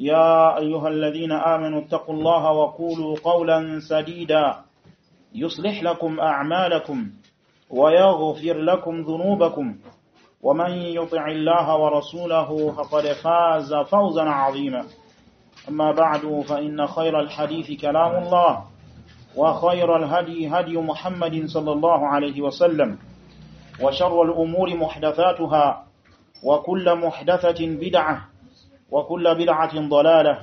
يا أيها الذين آمنوا اتقوا الله وقولوا قولا سديدا يصلح لكم أعمالكم ويغفر لكم ذنوبكم ومن يطع الله ورسوله فقد فاز فوزا عظيما أما بعد فإن خير الحديث كلام الله وخير الهدي هدي محمد صلى الله عليه وسلم وشر الأمور محدثاتها وكل محدثة بدعة وكل بدعة ضلالة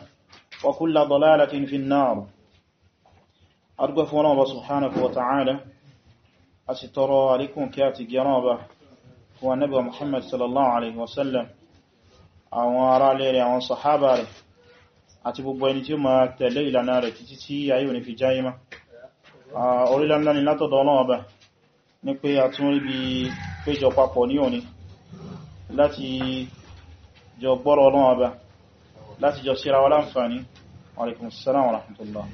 وكل ضلالة في النار أرقف الله سبحانه وتعالى أسترى عليكم كاتي جنابة هو النبي محمد صلى الله عليه وسلم àwọn ará lẹ́rẹ̀ àwọn sàhábà rẹ̀ àti gbogbo ẹni tí ó ma tẹ̀lé ìlànà rẹ̀ títí tí ayé òní fi jáyé má orílẹ̀-èdè ni látọ̀dọ̀ ọlọ́wọ́ bá ní pé a tún rí bí péjọ papọ̀ ní òní láti jọ gbọ́rọ̀ ọlọ́wọ́ ọba láti jọ síra wa láǹfààní alaikum salam wa rahmatullah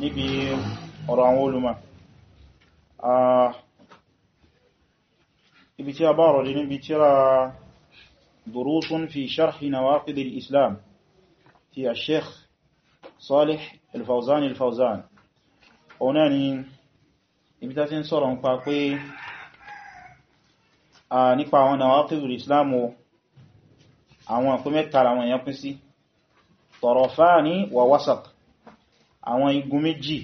níbi ọ̀rọ̀ àwọn olùmọ̀ ibi tí a bá rọ̀ níbi tíra durusun fi sharhi nawaqid al-islam ti a sheikh salih al-fawzan al-fawzan ọ̀nà ni ibi ta fi ń sọ̀rọ̀ nípa pé nípa àwọn nawaqid islam o àwọn àpé mẹ́ta àwọn èèyàn pín sí tarafani wa wasat àwọn igun méjì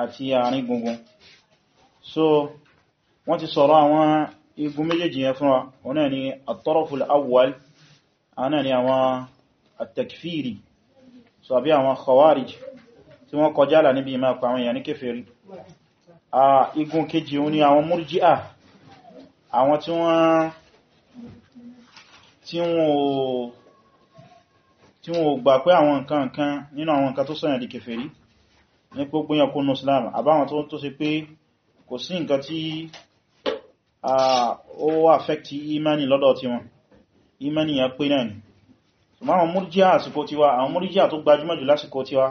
àti àárín gbùngbùn so wọ́n ti sọ̀rọ̀ àwọn igun méjèèjì yẹn fún wa wọ́n náà ni at-taraful awwal àwọn náà ni àwọn at-takfiri so àbí àwọn khawarij tí wọ́n kọjá là níbi ìmá pa àwọn èèyàn ní kèfèrí tí wọn ò gbà pé àwọn nǹkan kan nínú àwọn nǹkan tó sọ̀yàn di kèfèrí ní pé ó gbóyàn kó ní islam àbáwọn tó tó ṣe pé kò sí nǹkan tí ó affecti imani lọ́dọ̀ tí wọn imani ya pé náà ni ṣùgbọ́n àwọn múrjíà àsìkò tiwa àwọn múrjíà tó gbajúmọ̀ jù lásìkò tiwa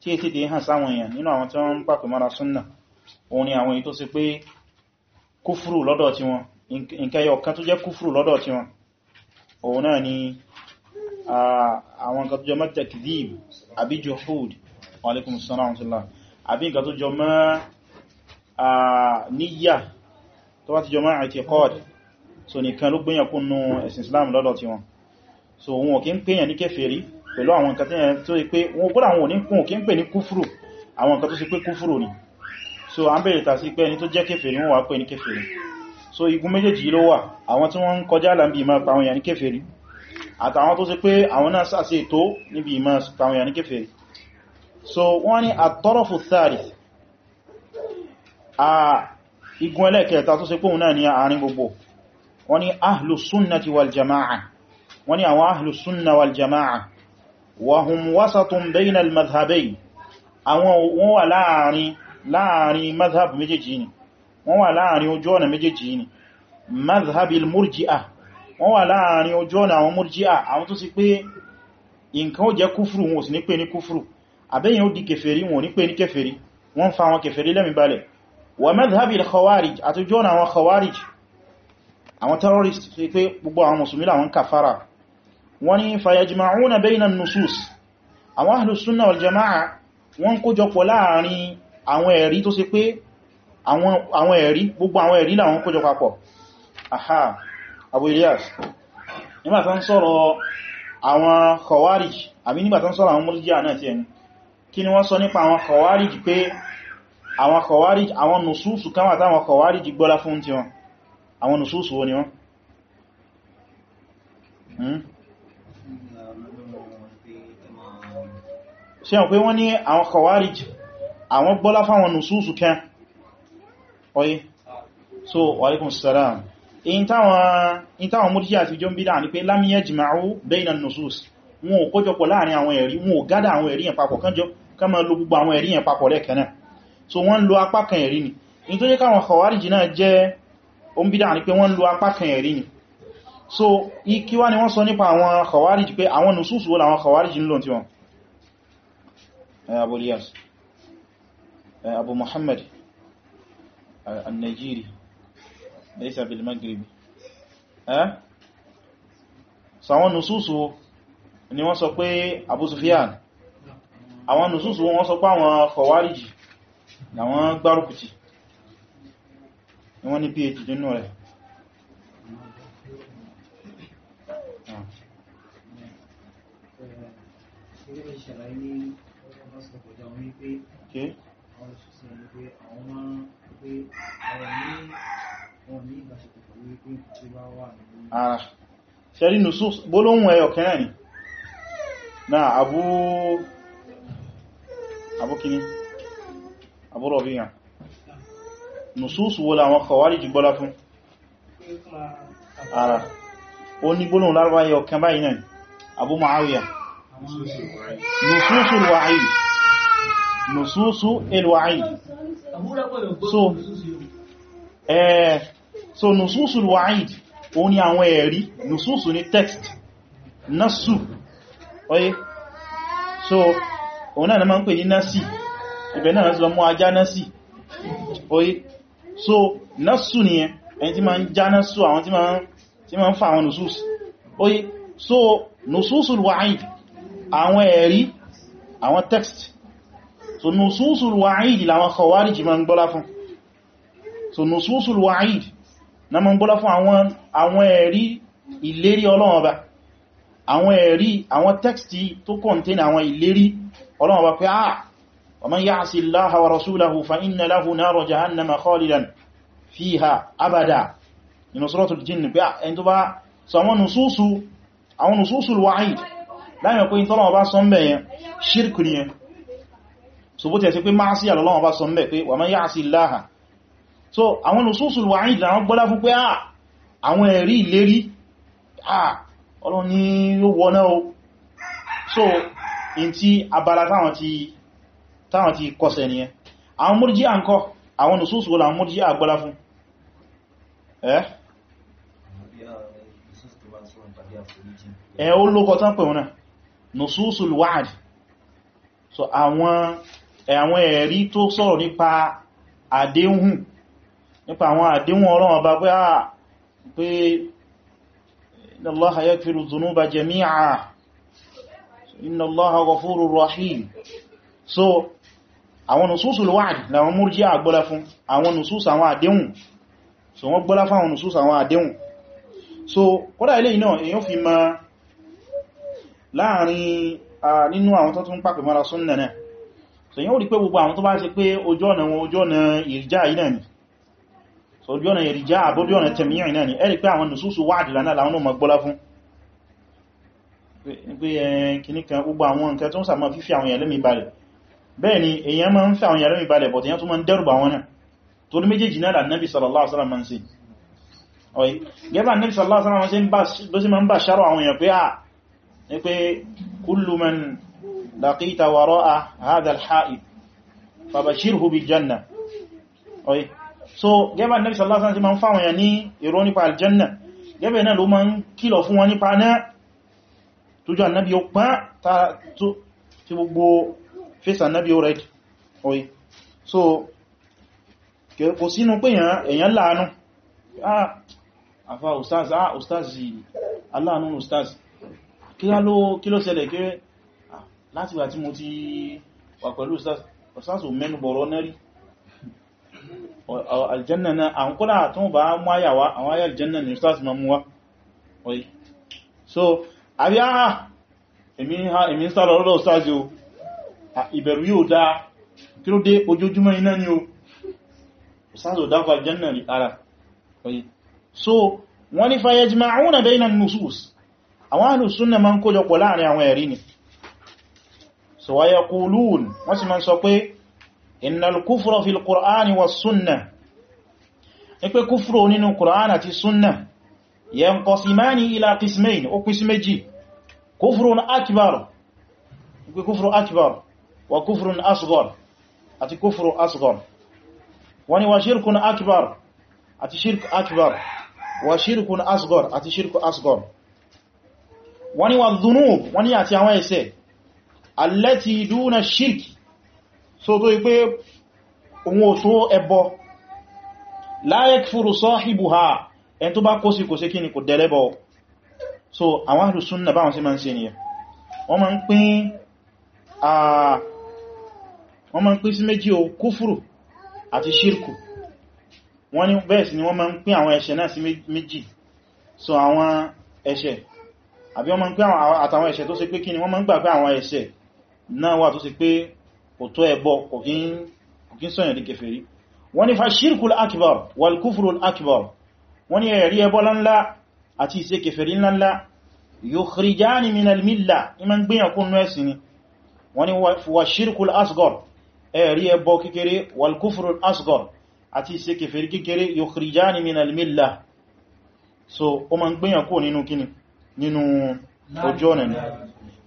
tí è tètè hàn sáwọn èèyàn nínú àwọn tí wọ́n ń pàpẹ mara súnnà òun ni àwọn èyí tó ṣe pé kúfùrù lọ́dọ̀ tí wọn nǹkan yọ kan tó òun náà ni àwọn nǹkan tó jọ mọ́ tekzib àbí juhud alaikum salam àbí nǹkan tó jọ mọ́ níyà tó wá ti jọ mọ́ àìtíkọ́d so nìkan ló gbẹ́yàn kún nú ẹ̀sìn islam lọ́dọ̀ ti wọn so wọn kí ń pèyàn ní kèfèrí pẹ̀lú àwọn nǹkan tó yẹ pé wọn gbọ́dọ̀ àwọn òní kún kí ń pè ní kúfùrù àwọn nǹkan so igun méjèèjì ló wà àwọn tí wọ́n ń kọjá láàbí ìmá pàwọn yà ní kèfèrí àtàwọn tó sì pé àwọn náà sàṣe ètò níbi ìmá pàwọn yà ní kèfèrí so wọ́n ní àtọ́rọ̀fù sáàrì a igun ẹlẹ́kẹta tó sì pé òun náà ní àárín gbogbo wọ́n ní ahlu sunnati wal jama'a wọ́n ní àwọn ahlu sunna wal jama'a wa hum wasatun bayna al madhhabayn àwọn wọ́n wà láàrin láàrin madhhab méjèèjì ni wọ́n wà láàrin ojú ọ̀nà méjèèjì ni mazhabil murji'a wọ́n wà láàrin ojú ọ̀nà àwọn murji'a àwọn tó sì pé nǹkan ó jẹ́ kúfùrù wọn ò sì ní pè ní kúfùrù àbẹ́yìn ó di kèfèrí wọn ò ní pè ní kèfèrí wọ́n fa àwọn kèfèrí lẹ́mìí balẹ̀ wà mazhabil khawarij àti ojú ọ̀nà àwọn khawarij àwọn terrorist wọ́n ní fayajma'una láàrin àwọn ẹ̀rí tó sì pé àwọn ẹ̀rí gbogbo àwọn ẹ̀rí làwọn kójọ papọ̀ aha Abu Ilyas nígbàtà ń sọ̀rọ̀ àwọn Khawarij àbí nígbàtà ń sọ̀rọ̀ àwọn Murji'a náà ti ẹni kí ni wọ́n sọ nípa àwọn Khawarij pé àwọn Khawarij àwọn nùsùsù kan wà táwọn Khawarij gbọ́lá fún ti wọn àwọn nùsùsù wo ni wọn ṣe hàn pé wọ́n ní àwọn Khawarij àwọn gbọ́lá fáwọn nùsùsù kan ọyí so wàlíkùn sàrán in táwọn múrjí àti jọ ń bídá ní pé lam yajma'u bayna nusus wọn ò kójọpọ̀ láàrin àwọn ẹ̀rí wọn ò gádà àwọn ẹ̀rí yẹn papọ̀ kánjọ ká máa lo gbogbo àwọn ẹ̀rí yẹn papọ̀ lẹ́ẹ̀kan náà so wọ́n ń lo apá kan ẹ̀rí ni in tó jẹ́ káwọn khawarij náà jẹ́ o ń bídá ní pé wọ́n ń lo apá kan ẹ̀rí ni so kí wá ni wọ́n sọ nípa àwọn khawarij pé àwọn nusus wo làwọn khawarij ń lò tí wọn Abu Muhammad النيجيري ليس بالمغربي ها sàwọn nùsùsù ni wọ́n sọ pé Abu Sufyan àwọn nùsùsù wọ́n sọ pé àwọn kọwàríjì àwọn gbárùkùtì ni wọ́n ní phd nínú rẹ̀ Okay pé àwọn ní ìbáṣepọ̀ pẹ̀lú pé tí bá wà nínú ara ah, ṣẹ́rí nusus gbólóhùn ẹyọ kẹrẹ ni náà abú abúkini abúrọ̀ bí yàn nusus wo làwọn khawarij gbọ́lá fún ara ó ní gbólóhùn lárúbá ẹyọ kẹ báyìí náà Abu Muawiya so eh so nususul wa'id oni ní àwọn nususu ni text nasu oye so ona náà ma ń pè ní nasi ibẹ̀ náà lọ́sí lọ mú nasi oye so nasu ni ẹ ẹni tí ma ń já nasu àwọn tí ma ń fa àwọn nusus oye so nususul wa'id àwọn ẹ̀rí àwọn text so nususul wa'id làwọn khawarij ma ń gbọ́lá fún so nususul wa'id na ma ń gbọ́lá fún àwọn ẹ̀rí ìlérí Ọlọ́run Ọba àwọn ẹ̀rí àwọn tẹ́kstì tó kọ̀ntẹ́n àwọn ìlérí Ọlọ́run Ọba pé ah wa man ya'si Allaha wa rasulahu fa inna lahu nara jahannama khalidan fiha abada nínú suratul jinn pé ah, ẹni tó bá sọ àwọn nususul wa'id láàrin pé ìtọ́lọ́wọ́ sọ ń bẹ̀yẹn shirk nìyẹn so bó ti ẹ̀ pé máa sí àlọ́lọ́wọ́ bá sọ mẹ́ pé wà máa yá sí láhà so àwọn nùsùsùl wa'id ìlànà gbọ́lá fún pé à ah, àwọn ẹ̀rí ìlérí à ah, ọlọ́run ó wọná o so in ti abala táwọn ti kọsẹ̀ nìyẹn àwọn múrjí à ń kọ́ àwọn àwọn múrjí à fún ẹ̀ so àwọn àwọn ẹ̀rí tó sọ̀rọ̀ nípa àdéhùn nípa àwọn àdéhùn Ọlọ́run Ọba pé àà ah, pé inna Allaha yaghfiru dhunuba jami'a inna Allaha ghafurur rahim so àwọn nùsùsù lọ́wàd láwọn múrjí àgbọ́lá fún àwọn nùsùsù àwọn àdéhùn so wọ́n gbọ́lá fún àwọn nùsùsù àwọn àdéhùn so kódà ilé iná èyàn fi ma láàrin ah, nínú àwọn tó tún pàpẹ̀ mara súnnà so yíò rí pé gbogbo àwọn tó bá ṣe pé ojú ọ̀nà wọn ojú ọ̀nà ìrìjá iná ni so ojú ọ̀nà ìrìjá àbójú ọ̀nà tẹ̀míyàn iná ni ẹ̀rí pé àwọn nùsùsù wáàdìlá náà láwọn ọmọ gbọ́lá fún pé kìníkan gbogbo àwọn nǹkan tó ń sàmọ́ fífí àwọn èèyàn lẹ́mí balẹ̀ bẹ́ẹ̀ ni èèyàn máa ń fẹ́ àwọn èèyàn lẹ́mí balẹ̀ bọ̀tí yẹn tó máa ń dẹ́rù kullu man لقيت وراء هذا الحائط فبشره بالجنة oye so gẹ́bà nabi sallallahu alaihi wasallam ma ń fáwọn ya ní ìró nípa aljanna gẹ́bà náà ló ma ń kìlọ̀ fún wọn nípa náà tójú annabi ó pán tí gbogbo fèsì annabi ó rẹ̀ oye so kò sínú pé èyàn láàánú ah afa ustaz ah ustaz aláàánú ustaz kí ló ṣẹlẹ̀ kí láti wà tí mo ti wà pẹ̀lú ọ̀sáàsù mẹ́nu bọ̀rọ̀ náà rí aljanna na à ń kọ́lá tó bá mú àyàwá àwọn ayà aljanna ni ọ̀sáàsù ma mú wá oye so àbí àà èmi ń sálọ lọ́dọ̀ ọ̀sáàsù ìbẹ̀rù yóò dá kí ló dé ojoojúmọ́ iná ni o ọ̀sáàsù dákọ aljanna rí ara oye so wọ́n ní fayajma'una bayna nusus àwọn alùsúnnà ma ń kójọpọ̀ láàrin àwọn ẹ̀rí ni so wa yaqulun wọ́n sì máa sọ pé innal kufra fil qur'ani was sunnah ní pé kúfúrò nínú qur'an àti sunnah yanqasimani ila qismayn ó pín sí méjì kúfúrún akbar pé kúfúrún akbar wa kúfúrún asghar àti kúfúrún asghar wani wa shirkun akbar àti shirk akbar wa shirkun asghar àti shirk asghar wani wa dhunub wani àti àwọn ẹ̀ṣẹ̀ allati duna shirki so tó ipé ohun òṣó ẹbọ la yakfuru sahibuha ẹn tó bá kó sí kò sí kí ni kò dẹ̀lẹ́bọ̀ so àwọn ahlu sunna báwọn sí ma ń ṣe ni wọ́n ma ń pín wọ́n ma ń pín sí méjì o kúfùrù àti ṣírkù wọ́n ní bẹ́ẹ̀ sí ni wọ́n ma ń pín àwọn ẹ̀ṣẹ̀ náà sí méjì so àwọn ẹ̀ṣẹ̀ àbí wọ́n ma ń pín àtàwọn ẹ̀ṣẹ̀ tó ṣe pé kí ni wọ́n ma ń gbà pé àwọn ẹ̀ṣẹ̀ náà wà tó sì pé kò tó ẹbọ kò kí ń sọ̀yàn di kèfèrí wọ́n ní fashirkul akbar wal kufrul akbar wọ́n ní ẹ̀rí ẹbọ lánlá àti ìṣe kèfèrí lánlá yukhrijani minal milla ima ń gbìyàn kún ẹ̀sìn ni wọ́n ní washirkul asghar ẹ̀rí ẹbọ kékeré wal kufrul asghar àti ìṣe kèfèrí kékeré yukhrijani minal milla so ọ̀nà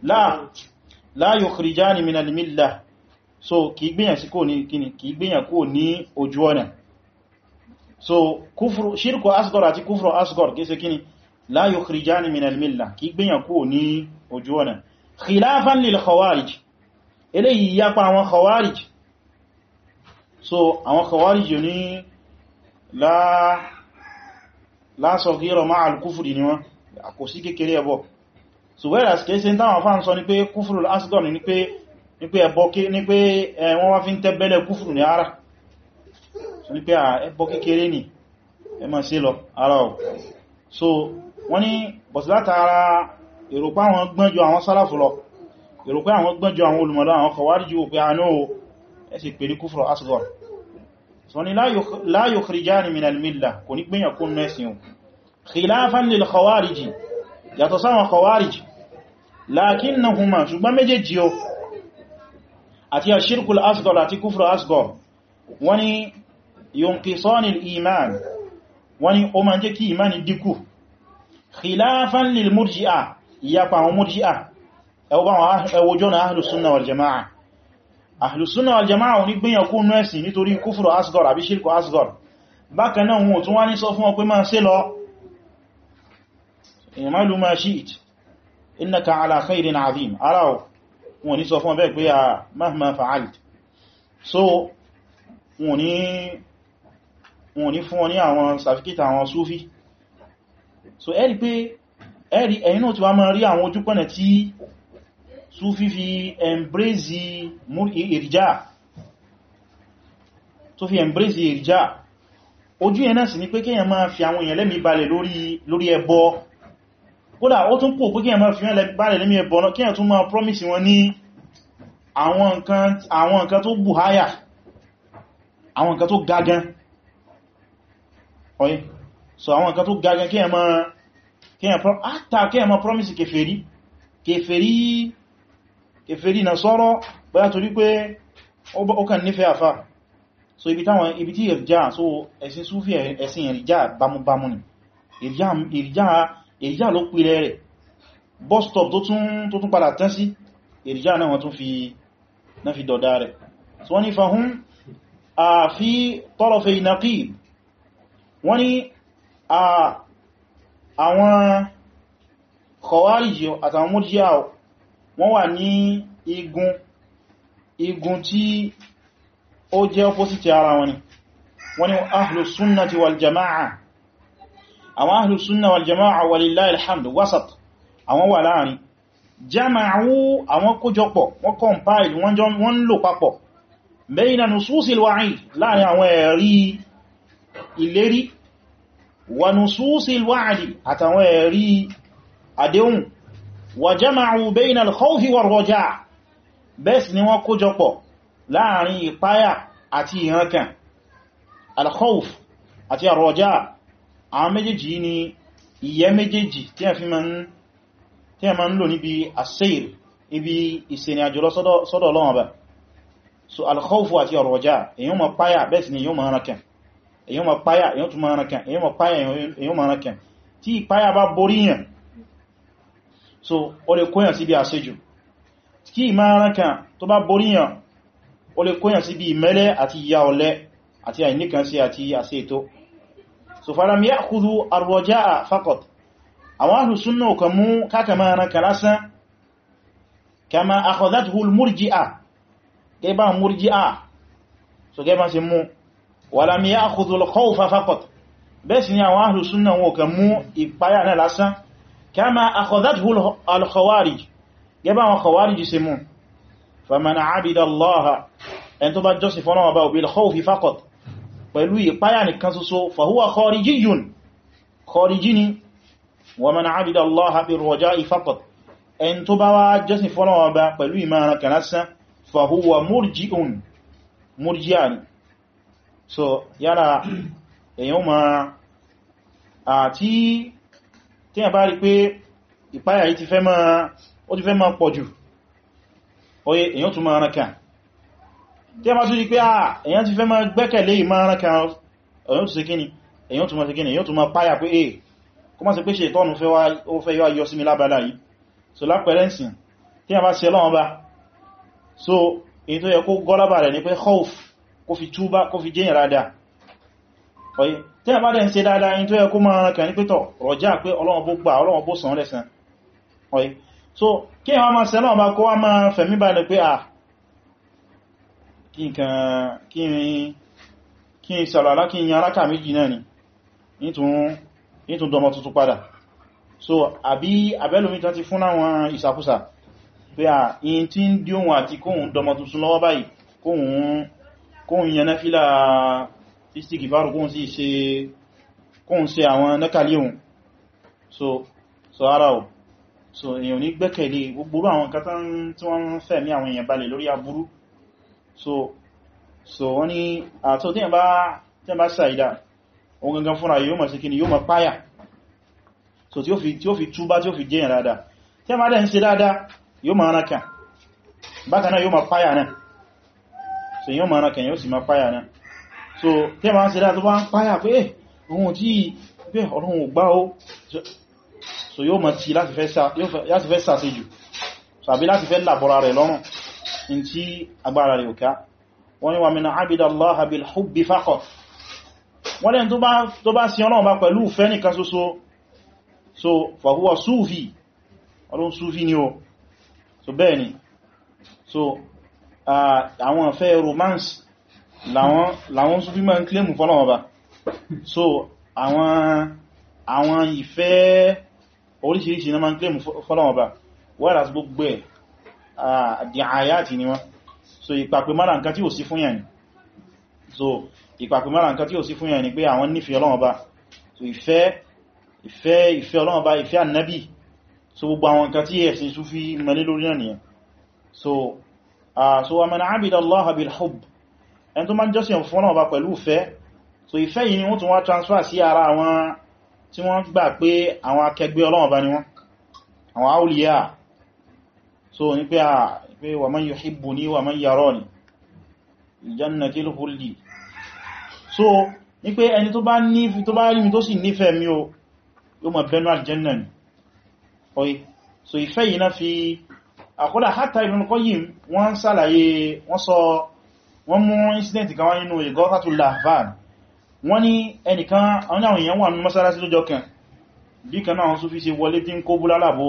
láà la yukhrijani minal millah so kì gbìyàn sí kò ní kíni kì gbìyàn kò ní ojú ọ̀nà so kúfùrù ṣírkù asgọ́r àti kúfùrù asgọ́r kì sí kíni la yukhrijani minal millah kì gbìyàn kò ní ojú ọ̀nà khilafan lil khawarij eléyìí yapa àwọn khawarij so àwọn khawarij ní la la saghira ma'al kufri ni wọn kò sí kékeré ẹbọ so whereas kìí ṣe táwọn afá ń sọ ní pé kúfùrù asgore ní pé ẹbọ kí ní pé eh, wọ́n wá fi ń tẹ́bẹ̀lẹ̀ kúfùrù ní ara so ní pé ẹbọ kékeré ní ẹ má ṣe lọ ara ọ̀ so wọ́n ní bọ̀sí látara èròpá àwọn gbọ́njọ àwọn sálàfù lọ èròpá àwọn gbọ́njọ àwọn olùmọ̀lọ́ àwọn kọwàrí jù pé ni la yukhrijani min yàtọ̀ sáwọn khawariji lakinnahuma ṣùgbọ́n méjèèjì o àti ashirkul asghar àti kufru asghar wani yunqisani al-iman wani ó ma jẹ́ kí imani dínkù khilafan lil murji'a ìyapa àwọn murji'a ẹwọ́jọ́ na ahlus sunna wal jama'a ahlus sunna wal jama'a wọn gbìyànkú nú ẹ̀sìn nítorí kufru asghar àbí shirku asghar bákan náà tún wá ní sọ fún ọ máa ṣe lọ innaka ala khairin azim ara o wọ́n ní sọ fún bẹ́ẹ̀ pé a ah, mahma fa'alt so wọ́n ní wọ́n ní fún ní àwọn sàfikítà àwọn súfí so ẹ̀rí pé ẹ̀rí ẹ̀yìn náà tí wá máa rí àwọn ojúpọ̀nà tí súfí fi embrace ìrìjá tó fi embrace ìrìjá ojú yẹn náà sì ni pé kéèyàn máa fi àwọn èèyàn lẹ́mìí balẹ̀ lórí lórí ẹbọ kódà ó tún pò pé kí ẹ máa fi wọ́n bálẹ̀ lẹ́mí ẹbọ̀nà kí ẹ tún máa promise wọn ní àwọn nǹkan tó bù háyà àwọn nǹkan tó gagan ọ̀yẹ́ so àwọn nǹkan tó gagan kí ẹ máa kí ẹ àtà kí ẹ máa promise kèfèrí kèfèrí kèfèrí na sọ́rọ̀ bóyá torí pé ó kàn nífẹ̀ẹ́ àfà so ibi táwọn ibi tí ìrìjá so ẹ̀sìn súfì ẹ̀sìn ìrìjá bámúbámú ni ìrìjá èrìjá ló pìlẹ̀ rẹ̀ bus stop tó tún padà tán sí èrìjá náà wọ́n tún fi dọ̀dá rẹ̀ tí wọ́n ní fahun a fi tọ́lọ̀fẹ́ ìnàkí wọ́n ní àwọn kọwàríjì àtàwọn mọ́jíyà wọ́n wà ní igun igun tí ó jẹ́ opposite ara wọn ni wọ́n ní ahlus sunnati wal jama'a àwọn ahlu sunna wal jama'a walillahi alhamdu wasat àwọn wà láàrin jama'u àwọn kójọpọ̀ wọ́n compile wọ́n jọ wọ́n lò papọ̀ bayna nususil wa'id láàrin àwọn ẹ̀rí ìlérí wa nususil wa'di àtàwọn ẹ̀rí àdéhùn wa jama'u bayna al-khawfi war-raja' bẹ́ẹ̀sì ni wọ́n àwọn méjèèjì ní ìyẹ́ méjèèjì tí a ma ń lò níbi asir ibi ìsẹ̀ni àjò lọ sọ́dọ̀ Ọlọ́run Ọba so alkhawfu àti arraja èyàn ma páyà bẹ́ẹ̀ ni èyàn ma rankan èyàn ma páyà èyàn tún ma rankan èyàn ma tí ìpáyà bá borí yàn so ó lè kóyàn síbi àṣejù kí ìmá rankan tó bá borí yàn ó lè kóyàn síbi ìmẹ́lẹ́ àti ìyà ọ̀lẹ àti àìníkànsí àti àṣe ètò so falam ya'khudhu ar-raja'a faqat àwọn ahlu sunna kan mú kaka ma ran kalasa kama akhadhathu al-murji'a kay ba murji'a so kay ba ṣe mú walam ya'khudhu al-khawfa faqat bes ni àwọn ahlu sunna wọ́n kan mú ìpayà kama akhadhathu al-khawarij kay ba àwọn khawarij ṣe mú faman 'abida allaha en tó bá jọ́sìn fọ́nà ọba bil khawfi faqat pẹ̀lú ìpáyà nìkan ṣoṣo fàhúwà kharijiyun khariji ni wa man abida allaha bi raja'i faqat ẹni tó bá wá jọ́sìn fọ́lọ́wọ́ bá pẹ̀lú ìmọ̀ràn kan so yára èyàn ma àti tí a bá rí pé ìpáyà yìí ti fẹ́ máa tí a máa tún di pé ah, èyàn ti fẹ́ máa gbẹ́kẹ̀lé ìmọ̀ràn kan èyàn tún ṣe kíni èyàn tún máa ṣe kíni èyàn tún máa páyà pé èyí eh, kó máa ṣe pé ṣe ìtọ́nù ó fẹ́ yọ́ yọ sí mi lábàlá yìí so lápẹrẹnsìn tí a bá ṣe lọ́wọ́ bá so èyí tó yẹ kó gọ́lábà rẹ̀ ní pé khauf kó fi túbá kó fi jẹ́yìn rádá ọ̀yí tí a bá dẹ̀ ń ṣe dáadáa èyí tó yẹ kó máa kàn ní pẹ́tọ̀ rọjá pé Ọlọ́run bó gbà Ọlọ́run bó sàn lẹ́sàn ọ̀yí so kí a máa ṣe lọ́wọ́ bá kó wá máa fẹ̀mí balẹ̀ ah, kí n sàrọ̀lá kí n yára kà méjì náà ni nítún dọmọ tuntun padà so àbí abẹ́lómi tán ti fún àwọn ìsàkúsà pé à in tí ń dí ohun àti kóhun dọmọ tuntun lọ́wọ́ báyìí kóhun yẹn so so ara so èyàn ní gbẹ́kẹ̀lé gbogbo àwọn nǹkan tí wọ́n fẹ̀mí àwọn èèyàn balẹ̀ lórí aburú so so wọ́n ni àtọ́ tí ẹ̀bá tí ẹ̀bá ṣàìdá gangan fúnra yóò mọ̀ sí kí ni yóò mọ̀ páyà so tí ó fi túbá tí ó fi jẹ́yàn dáadáa tí ẹ̀bá dẹ̀ ń ṣe dáadáa yóò mọ̀ anákan bákan yóò mọ̀ páyà náà so yóò mọ̀ anákan yóò sì mọ̀ páyà náà so tí ẹ̀bá ń ṣe dáadáa tó bá ń páyà pé ohun eh, tí pé ọlọ́run ò gbá ó so yóò mọ̀ tí láti fẹ́ sàṣejù tàbí láti fẹ́ làbọ̀ra rẹ̀ lọ́rùn in tí agbára rẹ̀ òká wọ́n ni wà mí na abida allaha bil hubbi faqat wọ́n lẹ́n tó bá sí ọlọ́run bá pẹ̀lú ìfẹ́ nìkan ṣoṣo so fahuwa sufi ọlọ́run sufi ni o so bẹ́ẹ̀ ni so àwọn ìfẹ́ romance làwọn sufi máa ń claim fọ́lọ́run bá so àwọn àwọn ìfẹ́ oríṣiríṣi náà máa ń claim fọ́lọ́run bá whereas gbogbo ẹ̀ àdìáyàtì ni wọ́n so ìpàpè mara nǹkan tí ò sí fún yàn so ìpàpè mara nǹkan tí ò sí fún yàn ni pé àwọn nífẹ̀ẹ́ Ọlọ́run so ìfẹ́ ìfẹ́ ìfẹ́ Ọlọ́run Ọba ìfẹ́ Ànábì so gbogbo àwọn nǹkan tí ẹ̀sìn Súfí mẹ́lẹ́ lórí náà so so Allah bil hubb ẹni tó máa jọ́sìn fún so ìfẹ́ yìí ni transfer sí ara àwọn tí wọ́n gbà pé àwọn akẹgbẹ́ Ọlọ́run àwọn awliya so ní pé àà ah, pé wa man yuhibbuni wa man yarani jannatil khuldi so ní pé ẹni tó bá nífi tó bá rí mi tó sì nífẹ̀ẹ́ mi o yóò mọ̀ bẹnu aljanna ni oye so ìfẹ́ yìí na fi àkọ́dà hatta Ibn Qayyim wọ́n ṣàlàyé wọ́n sọ wọ́n mú incident kan wáyé nínú Ighathatul Lahfan wọ́n ní ẹnìkan àwọn èèyàn wà ní mọ́sálásí lójọ́ kan bí kan náà wọ́n fi ṣe wọlé tí ń kó búlálàbò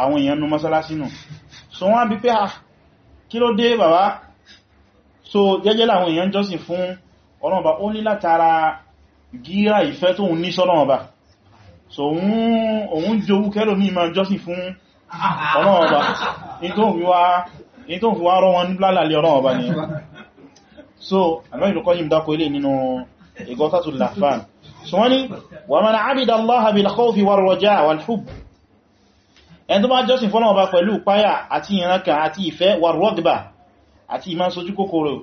àwọn èèyàn nú mọ́sálásí nù so wọ́n bí pé à ah, kí ló dé bàbá so jẹ́jẹ́ láwọn èèyàn jọ́sìn fún ọlọ́ọ̀bá ó ní látara gíra ìfẹ́ tó ń ní sọ́lọ́ọ̀bá so òun jowú kẹ́lò mí máa jọ́sìn fún ọlọ́ọ̀bá in tó ń fi wá rọ́ wọn lálàlẹ́ ọlọ́ọ̀bá ni so àmọ́ ìlúkọ́ yìí dákò ilé nínú ìgọ́tàtù làfáà so wọ́n ni wà àbìdà Allah bil khawfi war raja wal hubb ẹni tó bá jọ́sìn fọ́lọ́wọ́ bá pẹ̀lú páyà àti ìranka àti ìfẹ́ warrogba àti ìmá sojú kòkòrò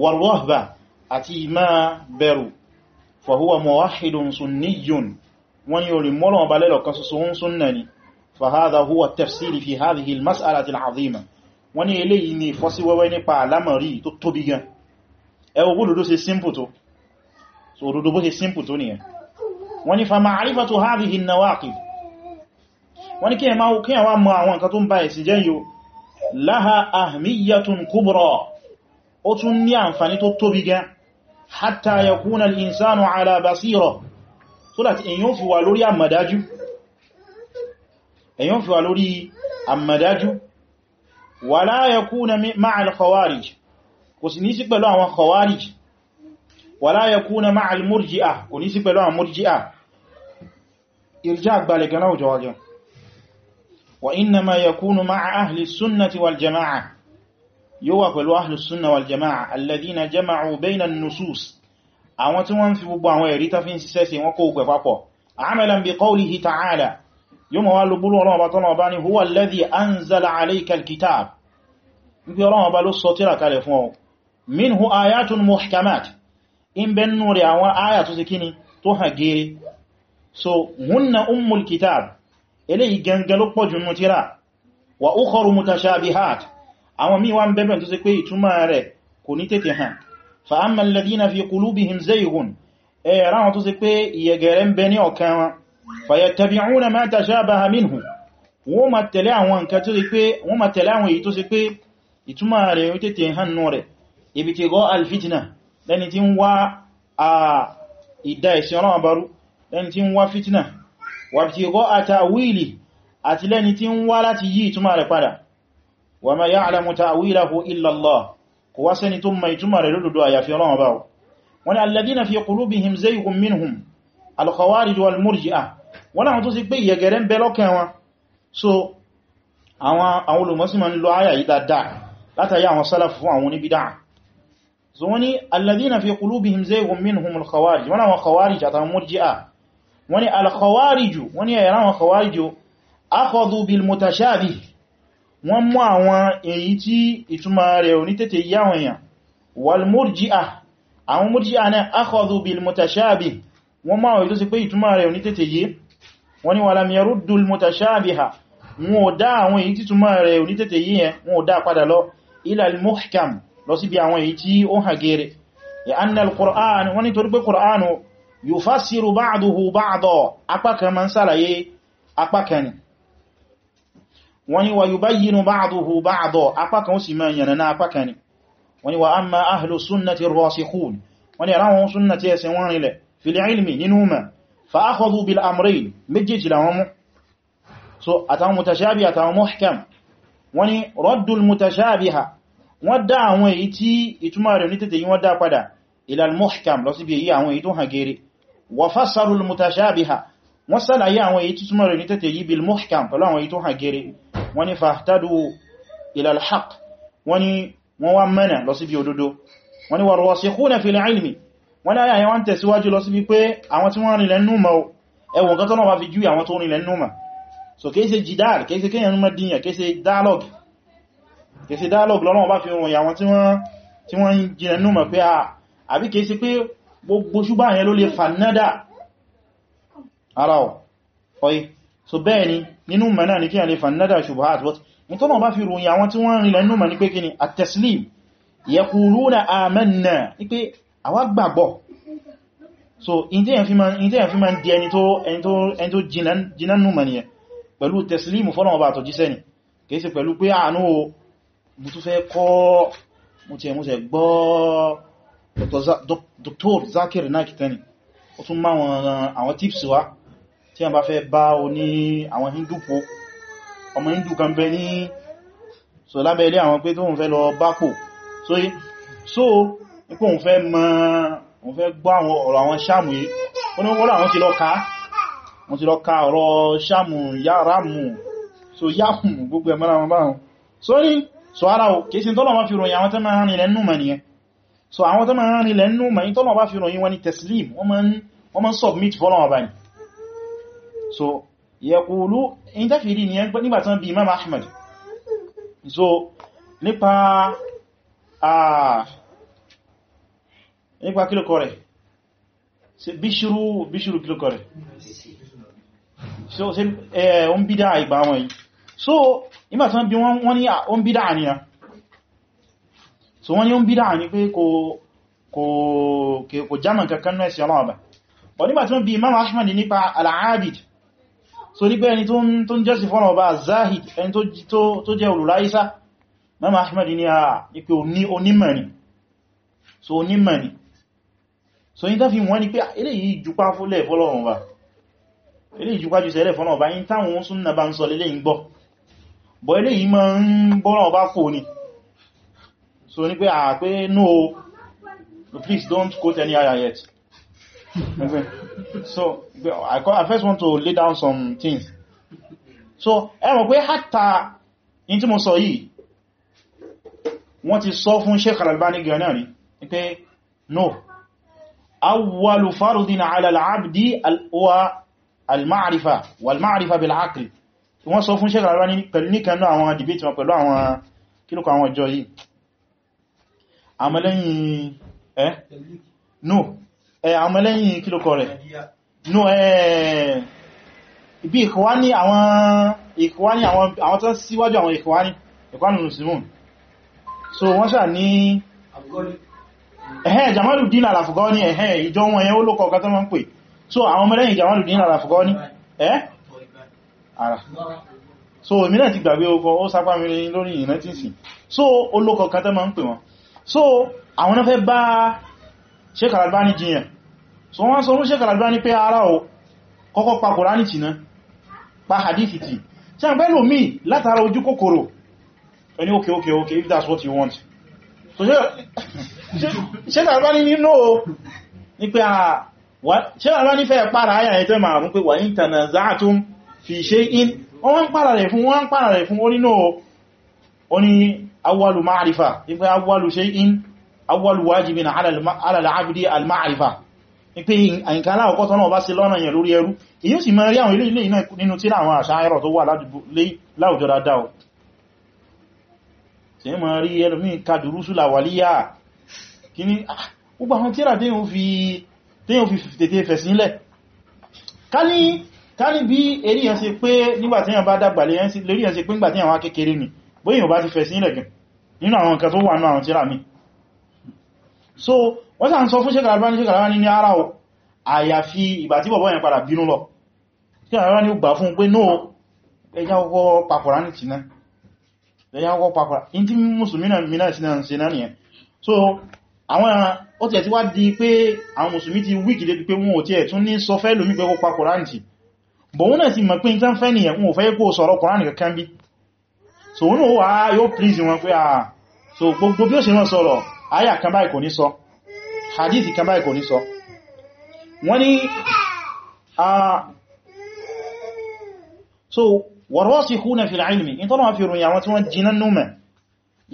warrogba àti ìmá bẹ̀rù fahuwa muwahidun sunniyun wọ́n yóò rí mọ́lọ́wọ́ bá lẹ́lọ kan soso ń súnnà ni fahadha huwa tafsiri fi hadhihi al-mas'alati al-azima wọ́n ní eléyìí ni ìfọ́síwẹ́wẹ́ nípa àlámọ̀rí fa ma'rifatu hadhihi an wọ́n ní kí ẹ máa kí àwọn mọ̀ àwọn nǹkan tó ń ba ẹ̀sìn jẹ́ yóò láha ahmiyatun kubra ó tún ní àǹfàní tó tóbi gan hatta yakuna al-insanu ala basira so that èyàn fi wà lórí àmàdájú wà lórí àmàdájú wala yakuna ma'al khawarij kò sì وإنما يكون مع أهل السنة والجماعة يوافل أهل السنة والجماعة الذين جمعوا بين النصوص àwọn tí wọ́n fi gbogbo àwọn ẹ̀rí ta fi ń ṣiṣẹ́ sí wọn kó gbẹ̀ papọ̀ amalan bi qawlihi ta'ala yóò mọ̀ wá ló búrú ọlọ́wọ́ bá tọ́nà ọba ní huwa alladhi anzala alayka alkitab wípé ọlọ́wọ́ bá ló sọ tíra kalẹ̀ fún ọ minhu ayatun muhkamat in bẹ́nu rẹ̀ àwọn aya tó sì kíni tó hàn gẹ́rẹ́ so hunna ummul kitab eléyìí gẹngẹn ló pọ̀jù nínú tírà wà ukharu mutashabihat àwọn míì wá ń bẹ̀bẹ̀ tó sì pé ìtumọ̀ rẹ̀ kò ní tètè hàn fa amma alladhina fi qulubihim zayghun ẹ̀rá wọn tó sì pé ìyẹ̀gẹ̀rẹ̀ ń bẹ ní ọkàn wọn fayattabi'una ma tashabaha minhu wọ́n ma tẹ̀lé àwọn nǹkan wọ́n ma tẹ̀lé وابتغاء تأويله أتلاني تنوالة يتما لفدا وما يعلم تأويله إلا الله قواسني ثم يتما للدعاء يا في الله باو وانا الذين في قلوبهم زيغ منهم الخوارج والمرجئة وانا عطوسي بي يقرن بلوكا so àwọn ni alladhina fi qulubihim zayghun minhumul khawarij wọ́n àwọn khawarij àtàwọn wọ́n ni alkhawariju wọ́n ni ẹ̀yà àwọn khawariju akhadhu bil mutashabih wọ́n mú àwọn èyí tí ìtumọ̀ rẹ̀ ò ní tètè yé àwọn èèyàn wal murji'ah àwọn murji'ah náà akhadhu bil mutashabih wọ́n mú àwọn èyí tó sì pé ìtumọ̀ rẹ̀ ò ní tètè yé wọ́n ni walam yaruddu al yufassiru ba'duhu ba'da apákan ma ń sàlàyé apákan ni wọ́n ni wa yubayyinu ba'duhu ba'da apákan ó sì mẹ́ yànà na apákan ni wọ́n ni wa amma ahlu sunnati rasikhun wọ́n ni àwọn sunnati ẹsẹ̀ wọ́n rinlẹ̀ fil ilmi nínú mẹ́ fa akhadhu bil amrayn méjèèjì làwọn mú so àtàwọn mutashabi ilal muhkam lọ sí bí èyí àwọn èyí tó hàn wa fassaru al-mutashabiha wọ́n sàlàyé àwọn èyí tí túnmọ̀ rẹ̀ ní tètè yí bil muhkam pẹ̀lú àwọn èyí tó hàn gẹ́rẹ́ wọ́n ni fahtadu ila al-haq wọ́n ni wọ́n wá mẹ́nà lọ sí bí òdodo wọ́n ni war-rasikhuna fil ilmi wọ́n láyé àyẹ́ wọ́n tẹ̀síwájú lọ sí wípé àwọn tí wọ́n rìnlẹ̀ númà ẹwọ̀n kan gbogbo ṣúgbà yẹn ló lè fànádà ara ọ̀ ọ̀yí so bẹ́ẹ̀ ni nínú mẹ́nà ní kí a lè fànádà ṣubuhat but ní tọ́nà bá fi ròyìn àwọn tí wọ́n rìn lẹ́nu mẹ́ ní pé kíni so in tí yẹn fi máa di ẹni tó jinannu mẹ́ ni pẹ̀lú taslim fọ́nà ọba ni kìí sí pẹ̀lú pé àánú mo tún fẹ́ kọ́ mo tẹ̀ mo tẹ̀ gbọ́ọ́ Dr. Zakir Naikitani ó tún máa àwọn tips wá tí a bá fẹ́ bá oní àwọn hindu po ọmọ hindu kan bẹ ní so lábẹ́ ilé àwọn pé tó ń fẹ́ lọ bápò so so ipò òun fẹ́ mọ́ òun fẹ́ gbọ́ àwọn ọ̀rọ̀ àwọn sáàmù yìí ó ní wọ́n àwọn ti lọ ká wọ́n ti lọ ká ọ̀rọ̀ sáàmù yáramù so yáàmù gbogbo ẹ̀mọ́ra wọn báwọn so ní so ara ò kìí sin tọ́lọ̀ wọ́n fi ròyìn àwọn tẹ́ mẹ́rin rẹ̀ nù mẹ́ nìyẹn so àwọn tó máa ń rìn lẹ́nu ma yí tọ́lọ̀ bá fi ròyìn wọn ni teslim wọ́n máa ń submit fọ́lọ̀wọ̀ báyìí so yẹ̀kùlú in tẹ́fìrí ni nígbàtán bí imam ahmad so nípa nípa kílùkọ rẹ̀ bíṣirú bíṣirú kílùkọ rẹ̀ so ó ń bídá ìgbà wọn yìí so nígbàtán bí wọ́n ní ó ń bídá àníyàn so wọ́n ni ó ń bídá ní pé kò jámà kankan náà sí ọlọ́ọ̀bá bọ̀ nígbà tí wọ́n bí imam ahmad nípa al'abid so ní pé ẹni tó ń jẹ́sì fọ́nà ọba zahid ẹni tó jẹ́ olùláyísá imam ahmad ní a ní pé onímọ̀ni so onímọ̀ni so ní tàfi wọ́n ni pé eléyìí jùpá fólẹ̀ fọ́lọ́ọ̀bá eléyìí jùpá jù sẹ́lẹ̀ fọ́nà ọba yí táwọn súnnà bá ń sọ lélẹ́yìn gbọ́ bọ̀ eléyìí ma ń bọ́nà ọba kò ní so ní pé à ah, pé no please don't quote any ayah yet so I, I first want to lay down some things so ẹ mọ̀ pé hátà in tí mo sọ yìí wọ́n ti sọ fún Sheikh Al-Albani gan náà ni pé no awwalu farudin ala al-abdi wa al-ma'rifa wal-ma'rifa bil-aql wọ́n sọ fún Sheikh Al-Albani pẹ̀lú níkan náà àwọn debate wọn pẹ̀lú àwọn kílùkọ àwọn ọjọ́ yìí àmọ́lẹ́yìn ẹ́ no ẹ̀ àmọ́lẹ́yìn kílòkọ rẹ̀ no ẹ̀ ibi ìkọwání àwọn ìkọwání àwọn tó síwájú àwọn ìkọwání ìkọwání muslimun so wọ́n sà ní ẹ̀hẹ́ Jamaluddin al-Afghani ẹ̀hẹ́ ìjọ wọn yẹn ó lókọ̀ ọ̀gá tó mọ́ ń pè so àwọn mọ́lẹ́yìn Jamaluddin al-Afghani ẹ́ ara so èmi náà ti gbàgbé ọkọ̀ ó sápá mi lórí ìrántí sí so ó lókọ̀ ọ̀gá tó mọ́ ń pè wọn so àwọn náà fẹ́ bá Sheikh Al-Albani jiyàn so wọ́n sọ mú Sheikh Al-Albani pé ara o kọ́kọ́ pa Kùránì tì náà pa hadithi tì tí a pẹ́lú mi látara ojú kòkòrò ẹni okay okay okay if that's what you want so Sheikh Al-Albani ní no ní pé a ah, Sheikh Al-Albani fẹ́ para ayà ẹ̀tọ́ ma mú pé wà in tanaza'tum fi shay'in wọ́n ń para rẹ̀ fún wọ́n ń para rẹ̀ fún orí náà awwalu ma'rifa ipe awwalu shay'in awwalu wajibin ala al-abdi al-ma'rifa ipe nǹkan la oko tona ó bá ṣe lọ́nà yẹn lórí ẹrú iyo sì máa rí àwọn ilé ilé ina nínú ti àwọn asairo tó wà ládùúgbò le láwùjọ dáadáa o ṣe máa rí ẹlòmí ka durusu la waliya kíni ah o gba wọn tírà de ó fi de ó fi tètè fesinle kani kani bí eri yẹn ṣe pé nígbà tí yẹn bá le yẹn ṣe lórí yẹn ṣe pé nígbà tí yẹn wà ni bóyìn bá ti fẹ̀ sí ilẹ̀gìn nínú àwọn nǹkan tó wà ní àwọn tíra mi so wọ́n sàn sọ fún ṣẹ́kàrà albani ṣẹ́kàrà albani ní ara o àyàfi ìgbà tí bọ̀bọ̀ yẹn padà bínú lọ ṣẹ́kàrà albani gbà fún pé náà ẹjá ọkọ̀ papọ̀rá ní tìná ẹjá ọkọ̀ papọ̀rá in tí mùsùlùmí náà sí náà sí náà nìyẹn so àwọn ó tiẹ̀ ti wá di pé àwọn mùsùlùmí ti wíkì dé pé wọn ò tiẹ̀ tún ní sọ fẹ́ lómi pé kó papọ̀rá ní tì bọ̀wọ́n náà sì mọ̀ pé ń tán fẹ́ nìyẹn wọn ò fẹ́ kó sọ̀rọ̀ kọ̀rán nìkan kan bí so wọn ó wà yóò please wọn pé àà ah. so gbogbo bí ó ṣe wọ́n sọ̀rọ̀ àyà kan báyìí kò ní sọ hadith kan báyìí kò ní sọ wọ́n ni a ah. so warrasikhuna fil ilmi in tọ́nà fi ròyìn àwọn tí wọ́n jinan númẹ̀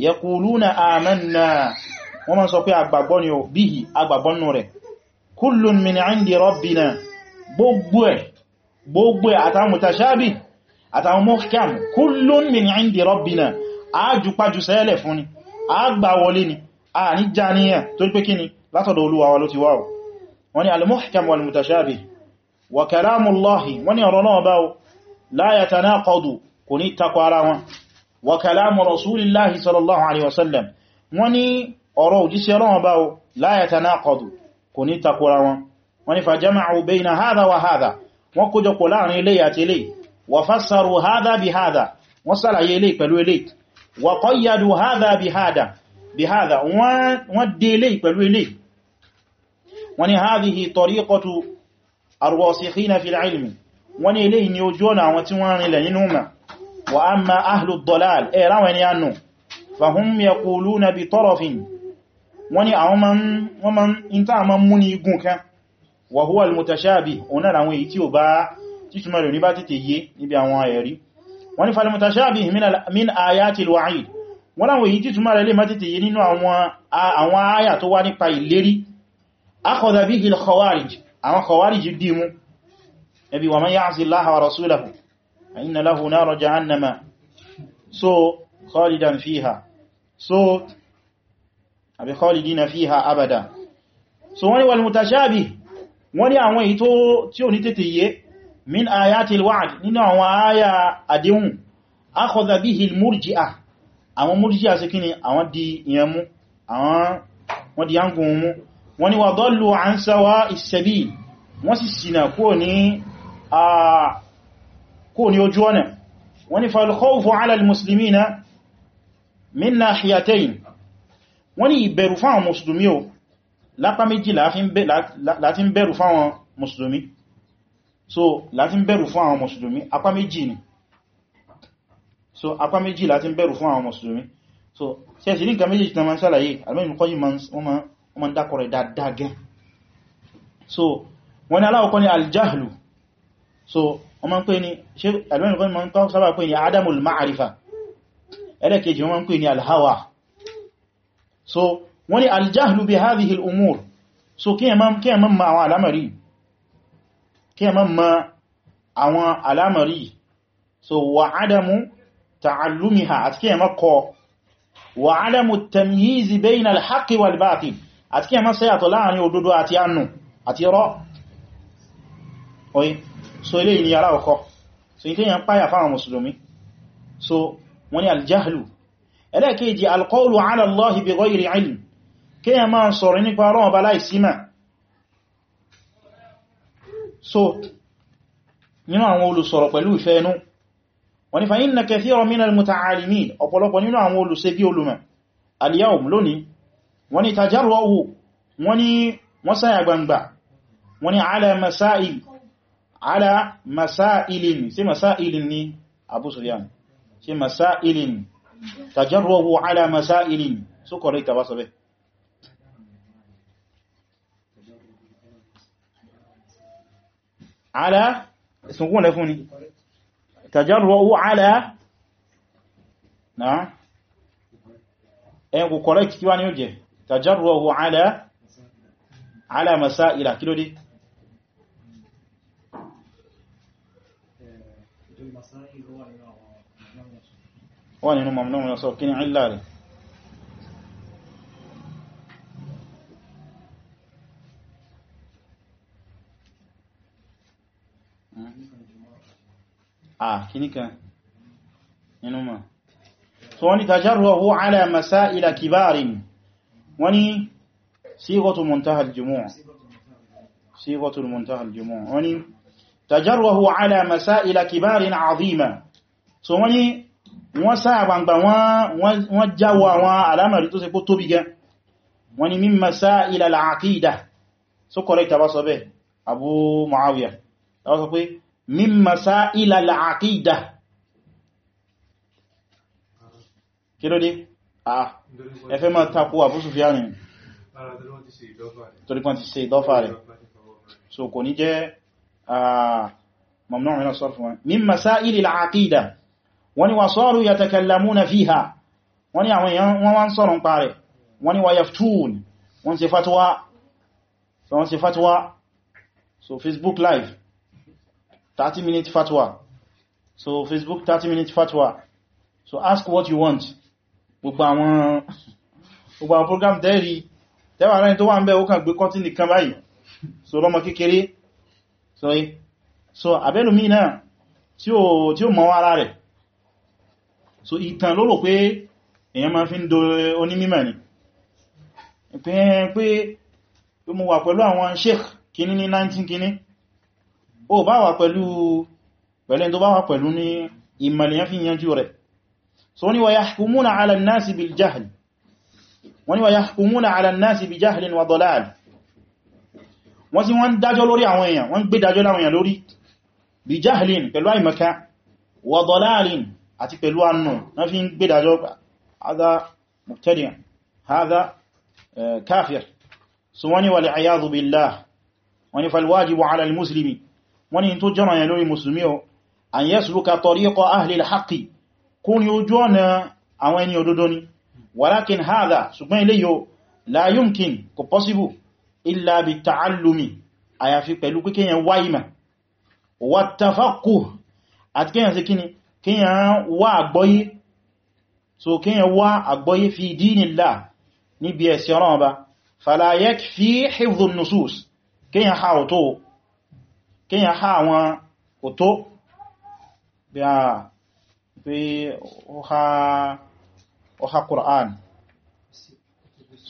yaquluna amanna wọ́n ma sọ pé agbàgbọ́ ni o bihi agbàgbọ́ nù rẹ̀ kullun min indi rabbina àtàwọn mọ́kàm kullun min indi rabbina ájú pájú sẹ́ẹ̀lẹ̀ fún ni àgbà wọlé ni a ní jàníyà tó pé kí ni látọ̀dọ̀ olúwa wa ló ti wá wọ́n ni al-muhkam wal-mutashabih wa wọ́n ni ọ̀rọ̀ náà báwo la yatanaqadu wa fassaru hadha bi hadha wọ́n ṣàlàyé ilé pẹ̀lú ilé wa qayyadu hadha bi hadha bi hadha wọ́n dé ilé pẹ̀lú ilé wọ́n ní hadhihi tariqatu arwasikhina fil ilmi wọ́n ní ilé ni ojú ọ̀nà àwọn tí wọ́n rinlẹ̀ nínú mà wa amma ahlu dalal ẹ̀ kan wa huwa al-mutashabih òun náà àwọn èyí tí ó títúmọ̀ rẹ̀ bá tètè yé níbi àwọn ẹ̀rí wọ́n ní falmutashabih min ayatil wa'id wọ́n láwọn èyí títúmọ̀ rẹ̀ lè má tètè yé nínú àwọn àyà tó wá nípa ìlérí akhadha bihi al-khawarij àwọn khawarij dì mú ẹbí wa man ya'si Allaha wa rasulahu fa inna lahu nara jahannama so khalidan fiha so àbí khalidina wọ́n ní àwọn èyí tí ò ní tètè yé min ayati alwa'd nínú àwọn aya àdéhùn akhadha bihi almurji'a àwọn murji'a ṣe kíni àwọn di ìyẹn mú àwọn wọ́n di yangun mú wọ́n ní wa dallu an sawa'is sabil wọ́n sì ṣìnà kúrò ní a kúrò ní ojú ọ̀nà wọ́n ní fal khawfu 'ala almuslimina min nahiyatayn wọ́n ní ìbẹ̀rù fáwọn mùsùlùmí o lápá méjì láti ń bẹ̀rù fáwọn mùsùlùmí so láti ń bẹ̀rù fún àwọn mùsùlùmí apá ni so apá méjì láti ń bẹ̀rù fún àwọn mùsùlùmí so ṣe ṣe ní nǹkan méjì tí a máa ń ṣàlàyé alẹ́mìn kọ́ yìí wọ́n máa ń dákọ̀ rẹ̀ dáadáa gẹ́ so wọ́n ni aláwọ̀kọ́ ni aljahlu so wọ́n máa ń pè ní ṣe alẹ́mìn kọ́ yìí máa ń kọ́ sábà pè ní adamul ma'arifa ẹlẹ́kejì wọ́n máa ń pè ní alhawa so wọ́n ni aljahlu bi hadhihi al-umur so kí ẹ máa ma àwọn alamari kí ẹ mọ́ àwọn alámọ̀rí so wà ádámù ta'allumiha àti kí ẹ mọ́ kọ wà ádámù tamyizi bayna al-haqqi wal-batil àti kí ẹ mọ́ ṣẹ́yàtọ̀ láàrin òdodo àti anù àti rọ́ oye so ilé ìní ara ọkọ̀ so ilé yẹn páyà fáwọn musulmi so wọ́n ni aljahlu ẹlẹ́kẹ́jì alqawlu ala so nínú àwọn olùsọ̀rọ̀ pẹ̀lú ìfẹ́ ẹnu wọ́n ní fa inna kathiran minal muta'alimin ọ̀pọ̀lọpọ̀ nínú àwọn olùṣe bí olùmọ̀ al-yawm lónìí wọ́n ní tajarrahu wọ́n ní wọ́n sáyà gbangba wọ́n ní ala masail ala masailin sí masailin ni Abu Sufyan sí ala sunkún lẹ fún ni tajarru'u ala náà ẹn kò correct kí wá ní ó jẹ tajarru'u ala ala masaila kí ló dé wọ́n nínú mọ̀mọ̀ sọ kí ni ìlà rẹ̀ àkíníkan ah, nínú ma so wani tajarruhu ala masaila kibarin wani sighatul muntaha al-jumu' sighatul muntaha al-jumu' wani tajarruhu ala masaila kibarin azima so wani wọ́n sáàgbàǹgbà wọ́n jáwọ́ àwọn alámàrí tó ṣe kó tóbi gan wọ́n ni min masaila min masail al-aqida kí ló dé ah ẹfẹ́ ma takó Abu Sufyan ni torí kan ti ṣe ìdọ́fà rẹ̀ so kò ní jẹ́ mamnu min as-sarf min masail al-aqida wani wa saru yatakallamuna fiha wani àwọn èèyàn wọ́n wá ń sọ̀rọ̀ wani wa yaftun wọ́n ṣe fatwa so Facebook live 30 minute fatwa so facebook 30 minute fatwa so ask what you want gbogbo àwọn gbogbo àwọn program dẹ́rí tẹ́wà rẹ̀ tó wà ń bẹ́ ó kàn gbé kọ́tí nìkan báyìí so lọ́mọ kékeré so so abẹ́lùmí náà tí ó mọ́ ara rẹ̀ so ìtàn ló rò pé èyàn máa fi ń do onímímọ̀ ni pé pé mo wà pẹ̀lú àwọn sheikh kìíní ní 19 kìíní o bá wà pẹ̀lú pẹ̀lú tó bá wà pẹ̀lú ní ìmọ̀lẹ̀yàn fi yanjú rẹ̀ so ni wa yahkumuna ala nasi bil jahl wani wa yahkumuna ala nasi bi jahlin wa dalal wọ́n sì wọ́n dájọ́ lórí àwọn èèyàn wọ́n gbé dájọ́ láwọn èèyàn lórí bi jahlin pẹ̀lú àìmọ̀ká wa dalalin wani wal a'yadhu wajibu ala al muslimi wọ́n ní tó jọ́nà yẹn lórí musulmi o an yasluka tariqa ahli al-haqqi kó ní ojú ọ̀nà àwọn ẹni òdodo ni walakin hadha ṣùgbọ́n ilé yóò la yumkin kò pọ́síbù illa bi ta'allumi àyàfi pẹ̀lú pé kíyàn wá ìmà wa tafaqquh àti kíyàn sí kíni kíyàn wá kíyàn ha àwọn òtó bí a pé ó ha Qur'an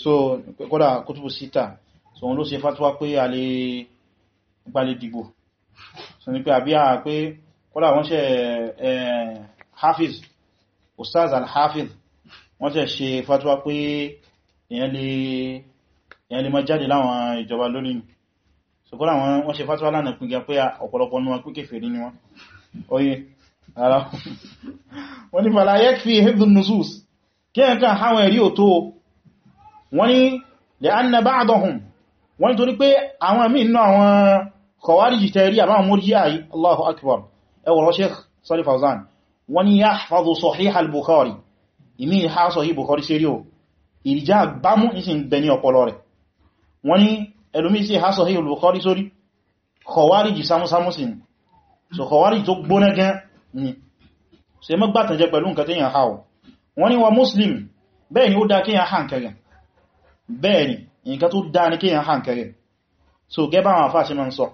so kódà kútùbù síta so wọn ló ṣe fatuwa pé a lè gbalè dìbò so ní pé àbí a pé kódà wọ́n ṣe hafiz ustaz al-hafiz wọ́n ṣe ṣe fatuwa pé èyàn lè má jáde láwọn ìjọba lónìí ṣùgbọ́n àwọn wọ́n ṣe fásitì lánàá pín pé ọ̀pọ̀lọpọ̀ ní wọn pín kèfèrí ní wọn oye ara wọ́n ni fala yakfi hifdhun nusus kí ẹ̀ kan háwọn ẹ̀rí ò tó wọ́n ni li'anna ba'dahum wọ́n torí pé àwọn míì nínú wọ́n ni yahfazu ẹlòmí sí ha Sahih al-Bukhari sórí kọwàríjì samusamusi ni so kọwàríjì tó gbóná gan ni so ẹmọ́ gbàtàn jẹ pẹ̀lú nǹkan tí yàn ha wọ́n ni wa muslim bẹ́ẹ̀ ni ó dá kí yàn hàn kẹrẹ bẹ́ẹ̀ nǹkan tó dá ní kí yàn hàn kẹrẹ so gẹ́bà àwọn afáṣẹ́ ma sọ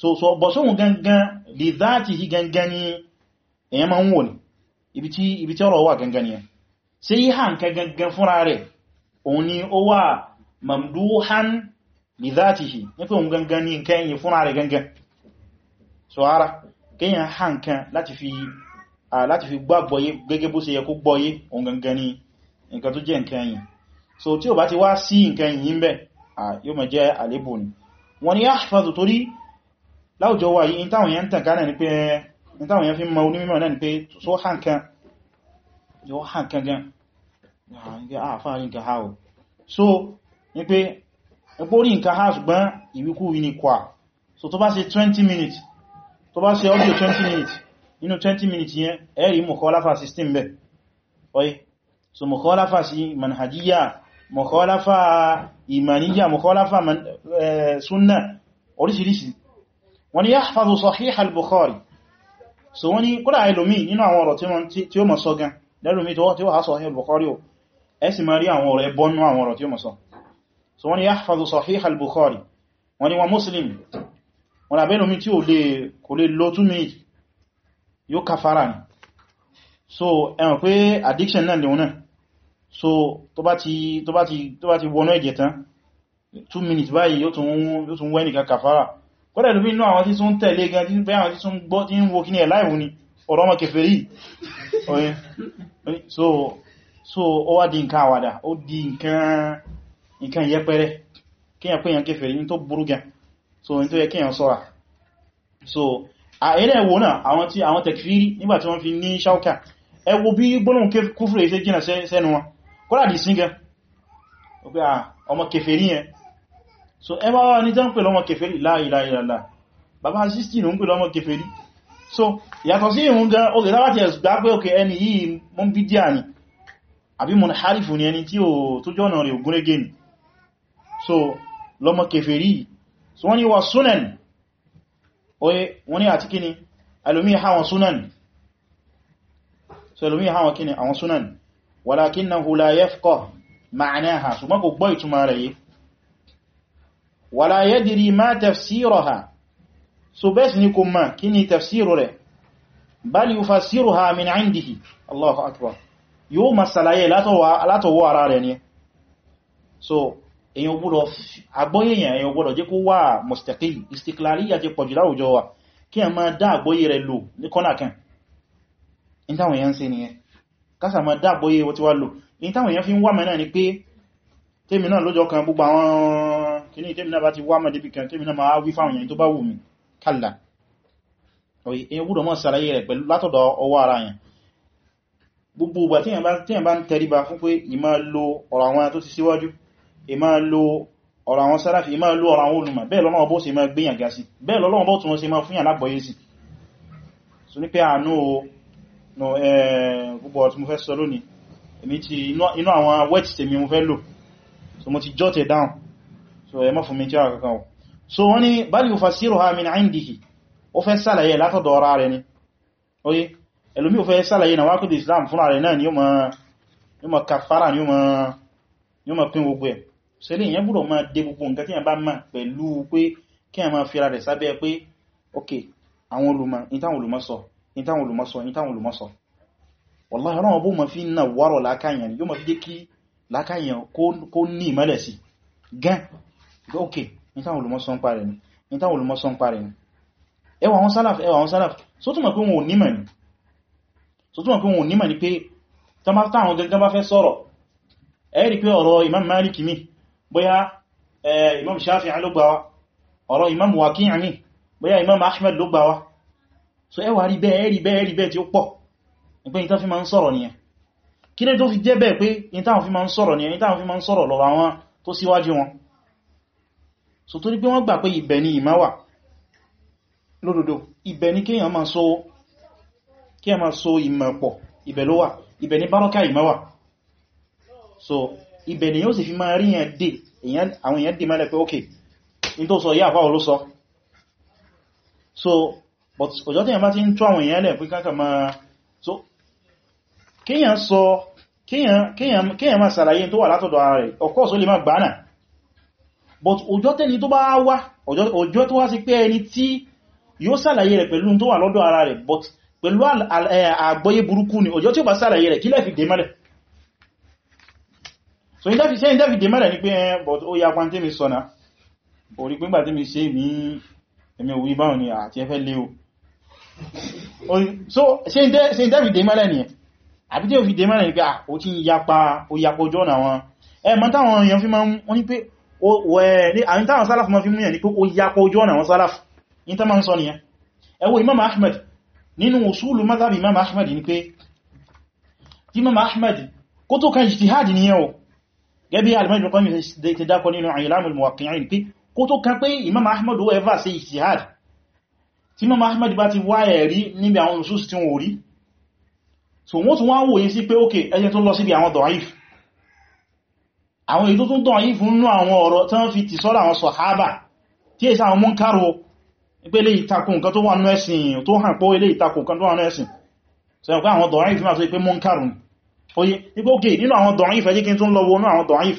so so bọ̀ sóhun gangan lè dáàtì hì gangan ni èyàn ma ń wò ní ibi tí ọ̀rọ̀ wà gangan ni ṣe yí hàn kẹ gangan fúnra rẹ̀ òun ni ó wà mamduhan li dhatihi ní pé òun gangan ní nǹkan ẹ̀yìn fúnra rẹ̀ gangan so ara kíyàn ha nǹkan láti fi láti fi gbàgbọ́yé gẹ́gẹ́ bó ṣe yẹ kó gbọ́yé òun gangan ní nǹkan tó jẹ́ nǹkan ẹ̀yìn so tí ó bá ti wá sí nǹkan ẹ̀yìn bẹ́ yóò mọ̀ jẹ́ àlébù ni wọ́n ni ahfadu torí láwùjọ wa yìí ni pé táwọn yẹn fi ma onímọ̀ náà ni pé so ah, ha so ni ẹgbórí nǹkan ha ṣùgbọ́n ìwíkúwí ní kwà so tó bá ṣe 20 minutes tó bá ṣe audio 20 minutes nínú 20 minutes yẹn ẹ̀rí mọ̀kọ́láfà 16 bẹ̀ ọ̀yí so mọ̀kọ́láfà sí manhajiyya mọ̀kọ́láfà ìmàníyà mọ̀kọ́láfà súnnà oríṣìíríṣìí wọ́n ni yahfazu sahih al-bukhari so wọ́n ni kúrò àìlòmí nínú àwọn ọ̀rọ̀ tí ó mọ̀ sọ gan lẹ́lòmí tó wọ́n tí ó há sahih al-bukhari ó ẹ sì máa rí so wọ́n ni yahfazu sahih al-bukhari wọ́n ni wọ́n muslim wọ́n na bẹ́lómi tí kò lè lọ 2 minutes yóò kafara ni so ẹ̀wọ̀n pé addiction náà lèun náà so tó bá ti tó bá ti wọnú ẹ̀jẹ̀ tán 2 minutes báyìí yóò tún wẹ́ nìkan kafara kọ́dẹ̀ lóbi inú àwọn tí tún tẹ̀lé gan tí bẹ́ àwọn tí tún gbọ́ tí ń wo kí ní ẹ̀láìwò ni ọ̀rọ̀ ọmọ nǹkan yẹpẹrẹ kíyàn pé yàn kèfèrí ní tó burú gan so ní tó yẹ kíyàn ṣọ́ra so àìrẹ́ ẹ̀wò náà àwọn tí àwọn tẹ̀kfírí nígbàtí wọ́n fi ní ṣáukà ẹwọ bí gbónà kúfúrẹ̀ iṣẹ́ jìnà sẹ́nu wọn kọ́lá sí gan ọmọ so ẹwà wà ní tán pè lọ́mọ kèfèrí la ilaha illallah bàbá 16 ń pè lọ́mọ so yàtọ̀ sí oge lábàtí ẹ̀sùgbà pé òkè ẹni yìí mọ́ bídíà ni àbí mọ̀ harifu ni ẹni tí ó tó jọ́nà rẹ̀ ògúnrégé ni so lọ́mọ kèfèrí so wọ́n ni wa sunan oye wọ́n ni àti kíni alomi ha wọn sunan so alomi ha wọn kíni àwọn sunan walakinnahu la yafqah ma'naha so mọ́kò gbọ́ ìtumọ̀ rẹ̀ yìí wala yadri ma tafsiraha so bẹ́ẹ̀ sì ni kò mọ̀ kíni tafsiru rẹ̀ bal yufassiruha min indihi Allahu akbar yóò masalaye látọwọ́ ara rẹ̀ ni so èyàn gbọ́dọ̀ agbóyèyàn èyàn gbọ́dọ̀ jẹ́ kó wà mustaqil istiklaliya jẹ́ pọ̀jù láwùjọ wa kí a máa dá àgbóyè rẹ̀ lò ní kọ́nà kan in táwọn èyàn ṣe nìyẹn kásà máa dá àgbóyè wọ́n ti wá lò ni pé tèmi náà lọ́jọ́ kan gbogbo àwọn kìíní tèmi náà bá ti wà mẹ́ débi kan tèmi náà máa wí fáwọn èyàn tó bá wù mí kàlà èyàn gbọ́dọ̀ mọ́ sàlàyé rẹ̀ pẹ̀lú látọ̀dọ̀ ọwọ́ ara yẹn gbogbo ìgbà tí èyàn bá ìmá lo ọ̀rọ̀ àwọn sáráfì ìmá lo ọ̀rọ̀ àwọn olùmọ̀ bẹ́ẹ̀ lọ́nà ọbọ́ sí ma gbìyànjá sí bẹ́ẹ̀ lọ́nà ọbọ́ tún sí ma fún yà lágbọ́yé sí so ní pé àánú o gbogbo ọ̀tún mo fẹ́ sọ lónìí èmi ti inú àwọn wet tèmi so mo ti jot it so ẹ mọ́ fún mi tí a kankan o so oye ẹlòmí ò fẹ́ na wákùdù Islam fúnra rẹ̀ ni yóò ma kàfàrà ni yóò ma pín gbogbo ẹ̀ so ilé ìyẹn gbọ́dọ̀ máa dé gbogbo nǹkan tí yẹn bá máa pẹ̀lú pé kí yẹn máa fira rẹ̀ sábẹ́ pé ok àwọn olùmọ̀ ìtàwọn olùmọ̀ sọ ìtàwọn olùmọ̀ sọ ìtàwọn olùmọ̀ sọ wallahi ọ̀rọ̀ bó ma fi ń na wárọ̀ lákàyàn yóò ma fi jẹ́ kí lákàyàn kó ní ìmọ́lẹ̀ sí gan ok ìtàwọn olùmọ̀ sọ ń parẹ̀ ni ìtàwọn olùmọ̀ sọ ń parẹ̀ ni ẹwà àwọn sálàf ẹwà àwọn sálàf so túnmọ̀ pé ni so túnmọ̀ pé wọn ò nímọ̀ ni pé tọ́mátà àwọn gẹ́gẹ́ bá fẹ́ sọ̀rọ̀ ẹ̀rí pé ọ̀rọ̀ Imam Malik mi bóyá imam shafi'i ló gbà wá ọ̀rọ̀ imam waki'i ní bóyá imam ahmed ló gbà wá so ẹwà rí bẹ́ẹ̀ rí bẹ́ẹ̀ rí bẹ́ẹ̀ tí ó pọ̀ ní pé ìta fi ma ń sọ̀rọ̀ nìyẹn kí lẹ́ tó fi jẹ́ bẹ́ẹ̀ pé ìta fi ma ń sọ̀rọ̀ nìyẹn ìta fi ma ń sọ̀rọ̀ lọ́rọ̀ àwọn tó síwájú wọn so torí pé wọ́n máa so ìmọ̀ pọ̀ ibẹ̀ ló wà bárọ́kà ìmá so ibẹ̀ ni yóò sì fi máa rí yàn dé àwọn èèyàn dé mẹ́lẹ̀ pé ok ní tó sọ yá àfáwọ̀ ló sọ so but ọjọ́ tí yàn bá ti ń tó àwọn èèyàn lẹ̀ pé káàkà máa so kíyàn sọ kíyàn máa sàlàyé tó wà látọ̀dọ̀ ara rẹ̀ of course ó lè máa gbà but ọjọ́ tẹ́ni tó bá wá ọjọ́ tó wá sí pé ẹni tí yóò sàlàyé rẹ̀ pẹ̀lú tó wà lọ́dọ̀ ara rẹ̀ but pẹ̀lú àgbọ́yé burúkú ni ọjọ́ tí ó bá sàlàyé rẹ̀ kílẹ̀ fi dé mẹ́lẹ̀ so in dafi se in dafi de mara ní pé but ó ya pan tèmi sọ na ó rí ngba tèmi ṣe mi èmi o wí báwo ni àti ẹ fẹ́ lé o so se in de se in dafi de mara ni àbí tí ó fi de mara ní ah ó tin yapa o yapo jo na wọn eh mo ta wọn yan fi ma wọ́n ní pé o we eh, ni àwọn ta wọn salaf ma fi mu yan ní pé ó yapo jo na wọn salaf in ta ma ń ni ẹ wò imam ahmed nínú usulu madhhab imam ahmed ní pé imam ahmed kó tó kan ijtihad ni yẹn o gẹ́bí alimọ́jú kan yìí ti dákọ nínú àyílámù muwaqi'in pé kó tó kan pé imam ahmad ó ẹ̀fà sí ijtihad imam ahmad bá ti wá ẹ̀rí níbi àwọn nusus tí wọ́n rí so wọ́n tún wá wòye sí pé ókè ẹyẹ tó lọ síbi àwọn da'if àwọn èyí tó tún da'if nínú àwọn ọ̀rọ̀ tán fi ti sọ́rọ̀ àwọn sọ̀hábà tí èsà àwọn múnkàrò pé lè ìtakùn nǹkan tó wà nú ẹ̀sìn tó hàn pé lè ìtakùn nǹkan tó wà nú ẹ̀sìn oye nígbó òkè nínú àwọn dọ̀ọ̀yìf ẹjí kí n tún lọ wọnú àwọn dọ̀ọ̀yìf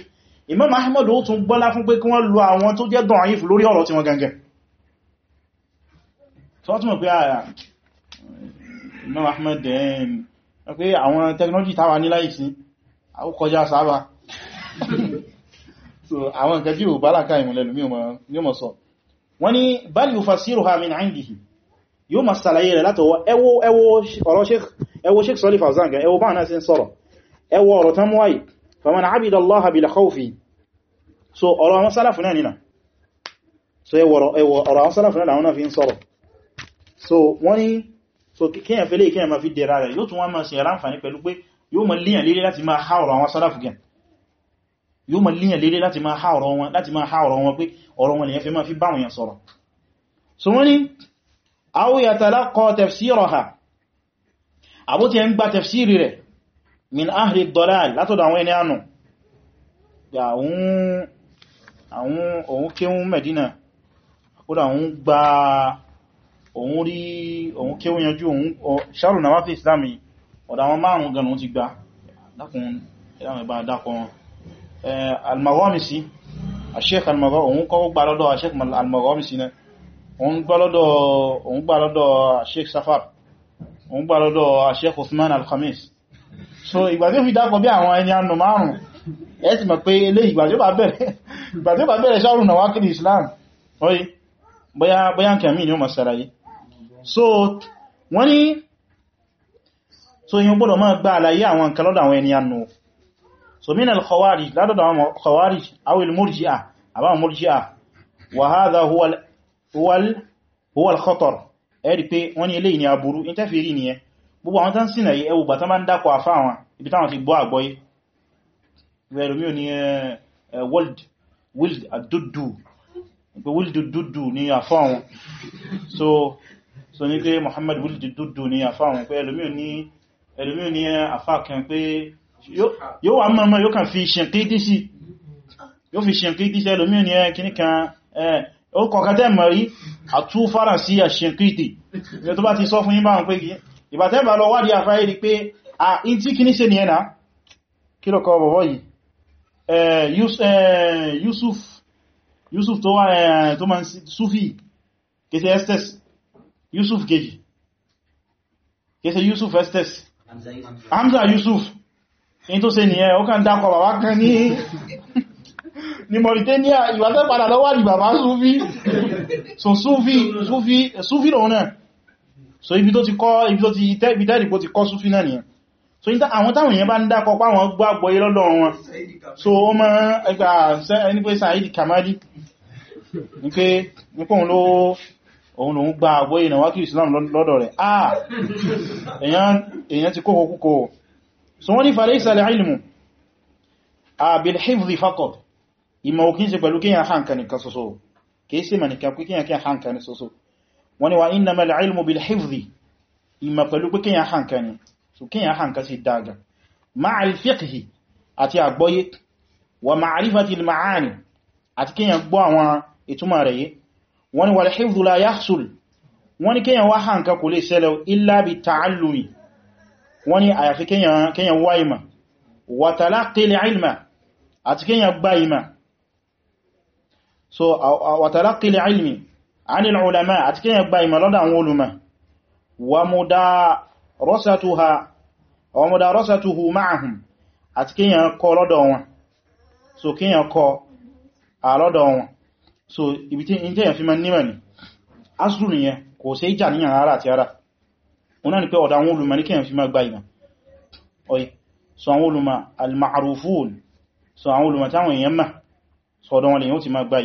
Imam Ahmad ó tún gbọ́lá fún pé kí wọ́n lo àwọn tó jẹ́ dọ̀ọ̀yìf lórí ọ̀rọ̀ ah, eh, tí wọ́n gangan tó túnmọ̀ pé ò bá láká min indihi yóò ma sàlàyé rẹ̀ látọwọ́ ẹwọ́ Sheikh Sọ́lí Fawzan ẹwọ́ bá sí sọ́rọ̀ ẹwọ ọ̀rọ̀ tán wáyìí faman abida allaha bila khawfi so ọ̀rọ̀ àwọn sálàfù náà nínà so ẹwọ ọ̀rọ̀ àwọn sálàfù náà làwọn náà fi ń sọ̀rọ̀ so wọ́n ni so kíyàn fẹ́lẹ̀ kíyàn ma fi dẹ̀ra rẹ̀ yóò tún wọ́n ma ṣe yàrá àǹfàní pẹ̀lú pé yóò ma líyàn lélé láti ma ha ọ̀rọ̀ àwọn sálàfù gẹn yóò ma líyàn lélé láti ma ha ọ̀rọ̀ wọn láti ma ha ọ̀rọ̀ wọn pé ọ̀rọ̀ wọn lèyàn fi ma fi bá wọn sọ̀rọ̀ so wọ́n ni aw yatalaqa tafsiraha àbótí ẹ ń gba tafsiri rẹ̀ min ahli dalal látọ̀dọ̀ àwọn ẹni ànù àwọn òun kéhun Medina kódà òun gba òun rí òun kéhun yanjú òun ṣàrù na wáfí islami ọ̀dá wọn márùn gan òun ti gba dákùn ìlànà ìbá dákùn al-Maghramisi Sheikh al-Maghramisi òun kọ́ gbà lọ́dọ̀ Sheikh al-Maghramisi náà so ìgbà tí ó fi dápọ̀ bí àwọn ẹni anù márùn ẹ sì mọ̀ pé ilé ìgbà tí ó bá bẹ̀rẹ̀ ṣọ́rùn náà wákìlì Islam oye bóyá kẹ̀mí ni ó mọ̀ sàràyé so wọ́n ni so yíò gbọ́dọ̀ máa gba àlàyé àwọn nǹkan lọ́dọ̀ àwọn ẹni so min al-khawarij ládọ̀dọ̀ àwọn khawarij awil murji'a àbáwọn murji'a wa hadha huwa al-khatar ẹ̀rí pé wọ́n ni ilé ìní aburú in tẹ́fì rí gbogbo àwọn tán sínà yìí ẹwùgbà tán bá ń dákọ̀ àfá àwọn ibi táwọn ti gbọ́ àgbọ́yé rẹ̀lómí ò ní wild àdúdù pé wild dúdù ní àfá àwọn so so ní pé Muhammad wild dúdù ní àfá àwọn pé ẹlòmí ò ní àfá kan pé yóò wà mọ́mọ́ yóò kàn fi ṣẹ̀kídí sí yóò fi ṣẹ̀kídí sí ẹlòmí ò ní kíníkan ó kọ̀kátẹ́ mọ̀rí àtú fáránsí àṣẹ̀kídí ní tó bá ti sọ fún yín báwọn pé kìí ìbàtẹ́bà lọ wádìí àfáyé rí pé à in tí kì ní ṣe ní ẹ̀nà kí ló kọ bọ̀bọ̀ yìí Yusuf Yusuf tó wá tó ma ń Sufi kése estes Yusuf kejì kése Yusuf estes Hamza Yusuf in tó ṣe ní ẹ̀ ó kàn dákọ̀ bàbá kan ní ní Mauritania ìbàtẹ́ padà lọ wádìí bàbá Sufi so Sufi Sufi Sufi lọ náà so ibi tó ti kọ́ ibi tó ti ìdẹ́rìpò ti kọ́ súfí náà nìyàn so ìta àwọn táwọn èèyàn bá ń dákọ pa wọn gbọ́ àgbọ́yé wọn so ó mọ́ ẹgbà ẹni pé Saidi Kamali ní pé nípò òun ló òun lòun gba àgbọ́yé Islam lọ́dọ̀ ah èèyàn ti kókò kúkò so wọ́n ní falẹ́ ìsàlẹ̀ ilmu bil hifzi faqad ìmọ̀ òkín sí pẹ̀lú kíyàn hankan nìkan soso kìí wọ́n ni wa innama al-ilmu bil-hifzi ìmọ̀ pẹ̀lú pé kíyàn hànkà ni so kíyàn hànkà sí dága ma'al fiqhi àti àgbọ́yé wa ma'rifati al-ma'ani àti kíyàn gbọ́ àwọn ìtumọ̀ rẹ̀ yé wọ́n ni wal-hifzu la yahsul wọ́n ni kíyàn wá hànkà kò lè ṣẹlẹ̀ illa bit-ta'allumi wọ́n ni àyàfi kíyàn wá ìmọ̀ wa talaqqi ilma àti kíyàn gbá ìmọ̀ so wa talaqqi ilmi anil ulama àti kí gba ìmọ̀ lọ́dọ̀ àwọn olùmọ̀ wa mudarasatuha wa mudarasatuhu ma'ahum àti kí yẹn lọ́dọ̀ wọn so kí yẹn a àlọ́dọ̀ wọn so ibi tí in tẹ́yàn fi ma nímọ̀ ni ya nìyẹn kò sí ìjà ya ara àti ara wọn ni pé ọ̀dọ̀ àwọn olùmọ̀ ní kíyàn fi ma gba so al-ma'rufun so so ti ma gba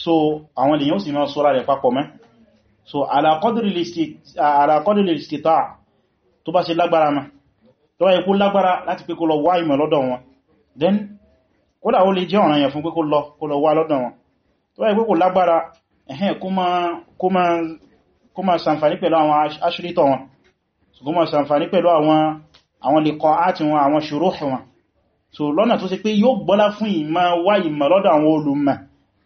so àwọn èèyàn sì máa sọ́ra rẹ̀ papọ̀ mẹ́ so ala qadri al-istita'a tó bá ṣe lágbára mẹ́ tó bá yẹ kó lágbára láti pé kó lọ wá ìmọ̀ lọ́dọ̀ wọn then kódà ó lè jẹ́ ọ̀ràn yẹn fún pé kó lọ kó lọ wá lọ́dọ̀ wọn tó bá yẹ pé kó lágbára ẹ̀hẹ́ kó máa sàǹfàní pẹ̀lú àwọn aṣírítọ̀ wọn kó máa sàǹfàní pẹ̀lú àwọn lèkọ́ áti wọn àwọn ṣòro wọn so lọ́nà tó ṣe pé yóò gbọ́lá fún ìmọ̀ wá ìmọ̀ lọ́dọ̀ àwọn olùmọ̀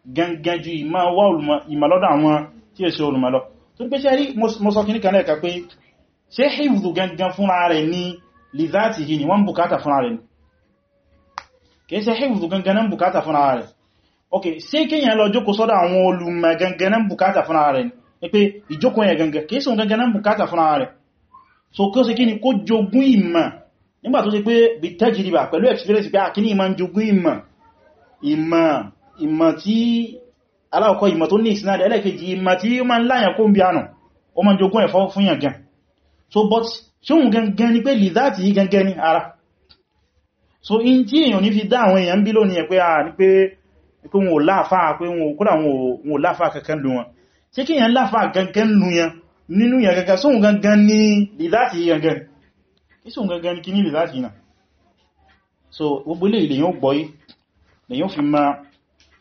gangan ju ìmá wá ìmọ̀lọ́dọ̀ àwọn tí è ṣe olùmọ̀lọ́ tó ní pé ṣe rí mọ́sọ́ kì ní kan lẹ́ẹ̀ka pé ṣe hìfùdù gangan fúnra rẹ̀ ní lìzáàtì yìí ni wọ́n bùkátà fúnra rẹ̀ ni kìí ṣe hìfùdù gangan náà bùkátà fúnra rẹ̀ ok ṣe kíyàn lọ jókòó sọ́dọ̀ àwọn olùmọ̀ gangan náà bùkátà fúnra rẹ̀ ni pé ìjókòó yẹn gangan kìí sọ gangan náà bùkátà fúnra rẹ̀ so kí ó experience pé àkíní ah, ìmọ̀ jogún ìmọ̀ ìmọ̀ ìmọ̀ tí aláwọ̀kọ́ ìmọ̀ tó ní ìsinadẹ̀ ẹlẹ́kejì ìmọ̀ tí ó máa ń láyàn kó ń bí ànà ó máa jogún ẹ̀fọ́ fún yàn gan so but ṣóhun gangan ni pé lìdáàtì yí gangan ni ara so in tí èyàn ní fi dá àwọn èyàn bí lónìí pé a ní pé wọn ò láàfà pé kódà wọn ò láàfà kankan lu wọn ṣé kí èyàn láàfà gangan lu ni lìdáàtì yí ni kí ní fi máa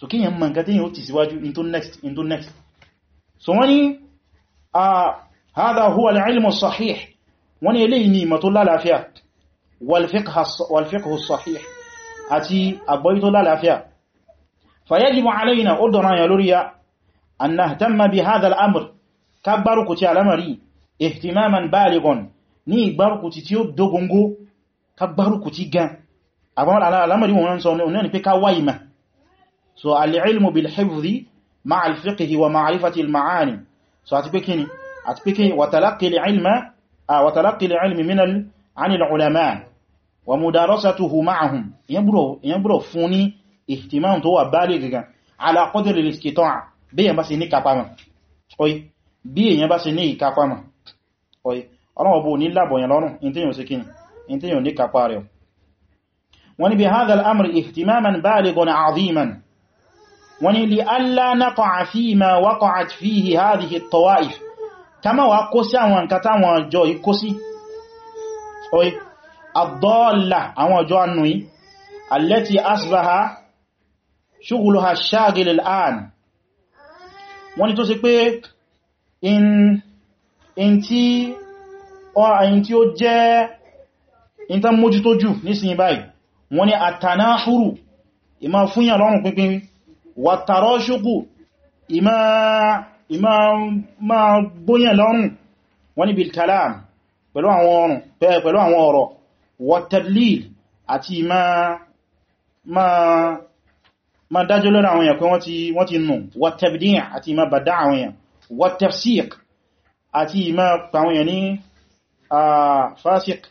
so kíyàn mọ̀ nǹkan tí yíò ti síwájú into next into next so wọ́n ni a hada huwa al-ilmu sahih wọ́n ni eléyìí ni ìmọ̀ tó lálàáfíà wal-fiqhu sahih àti àgbọ́yí tó lálàáfíà fayajibu alayna ó dọ̀rọ̀ yà lórí ya an nahtamma bi hada al-amr ka alamari ihtimaman baligon ní ìgbárùkù tí ó dogongo ka gbárùkù gan àwọn alamari wọn sọ ní pé ká wáyìí so al'ilmu bil hifzi ma al-fiqhi wa ma'rifati al-ma'ani so àti pé kíni àti pé kíni wa talaqqi al-ilma wa talaqqi al-ilmi min an al-ulama wa mudarasatuhu ma'ahum yan buro fún ni ihtimam tó wà bali gaga ala qadri al-istita'a bí yan bá ṣe ní kápá mọ́ oyi bí yan bá ṣe ní kápá mọ́ oyi Ọlọ́run kíni in ní kápá wọ́n ní bi hadha al ihtimaman balighan 'aziman wọ́n ni lè alánákọ̀ àfi ma wákọ̀ àti fi hì hádìí tọwáìf ká má wá kó sí àwọn nǹkan táwọn ọjọ́ yìí kó sí oye àdọ́ọ̀lá àwọn ọjọ́ annú yìí alẹ́tí asbaha ṣúgbùlùha ṣáàgìlì al'an wọ́n ni tó sì pé in tí ó jẹ́ in nísìnyí báyìí wọ́n ni àtànáhùrù ìmá fúnyà lọ́rùn pínpín wàtàrọ́ṣùkù ìmá gbóyàn lọ́rùn wọ́n ni bilkalam pẹ̀lú àwọn ọ̀rọ̀ wàtàlìl àti ìmá ma dájọ́ lọ́rọ̀ àwọn èèyàn pé wọ́n ti nù wàtàbdíyàn àti ìmá bàdá àwọn èèyàn wàtàfsík àti ìmá pàwọn èèyàn ní fásík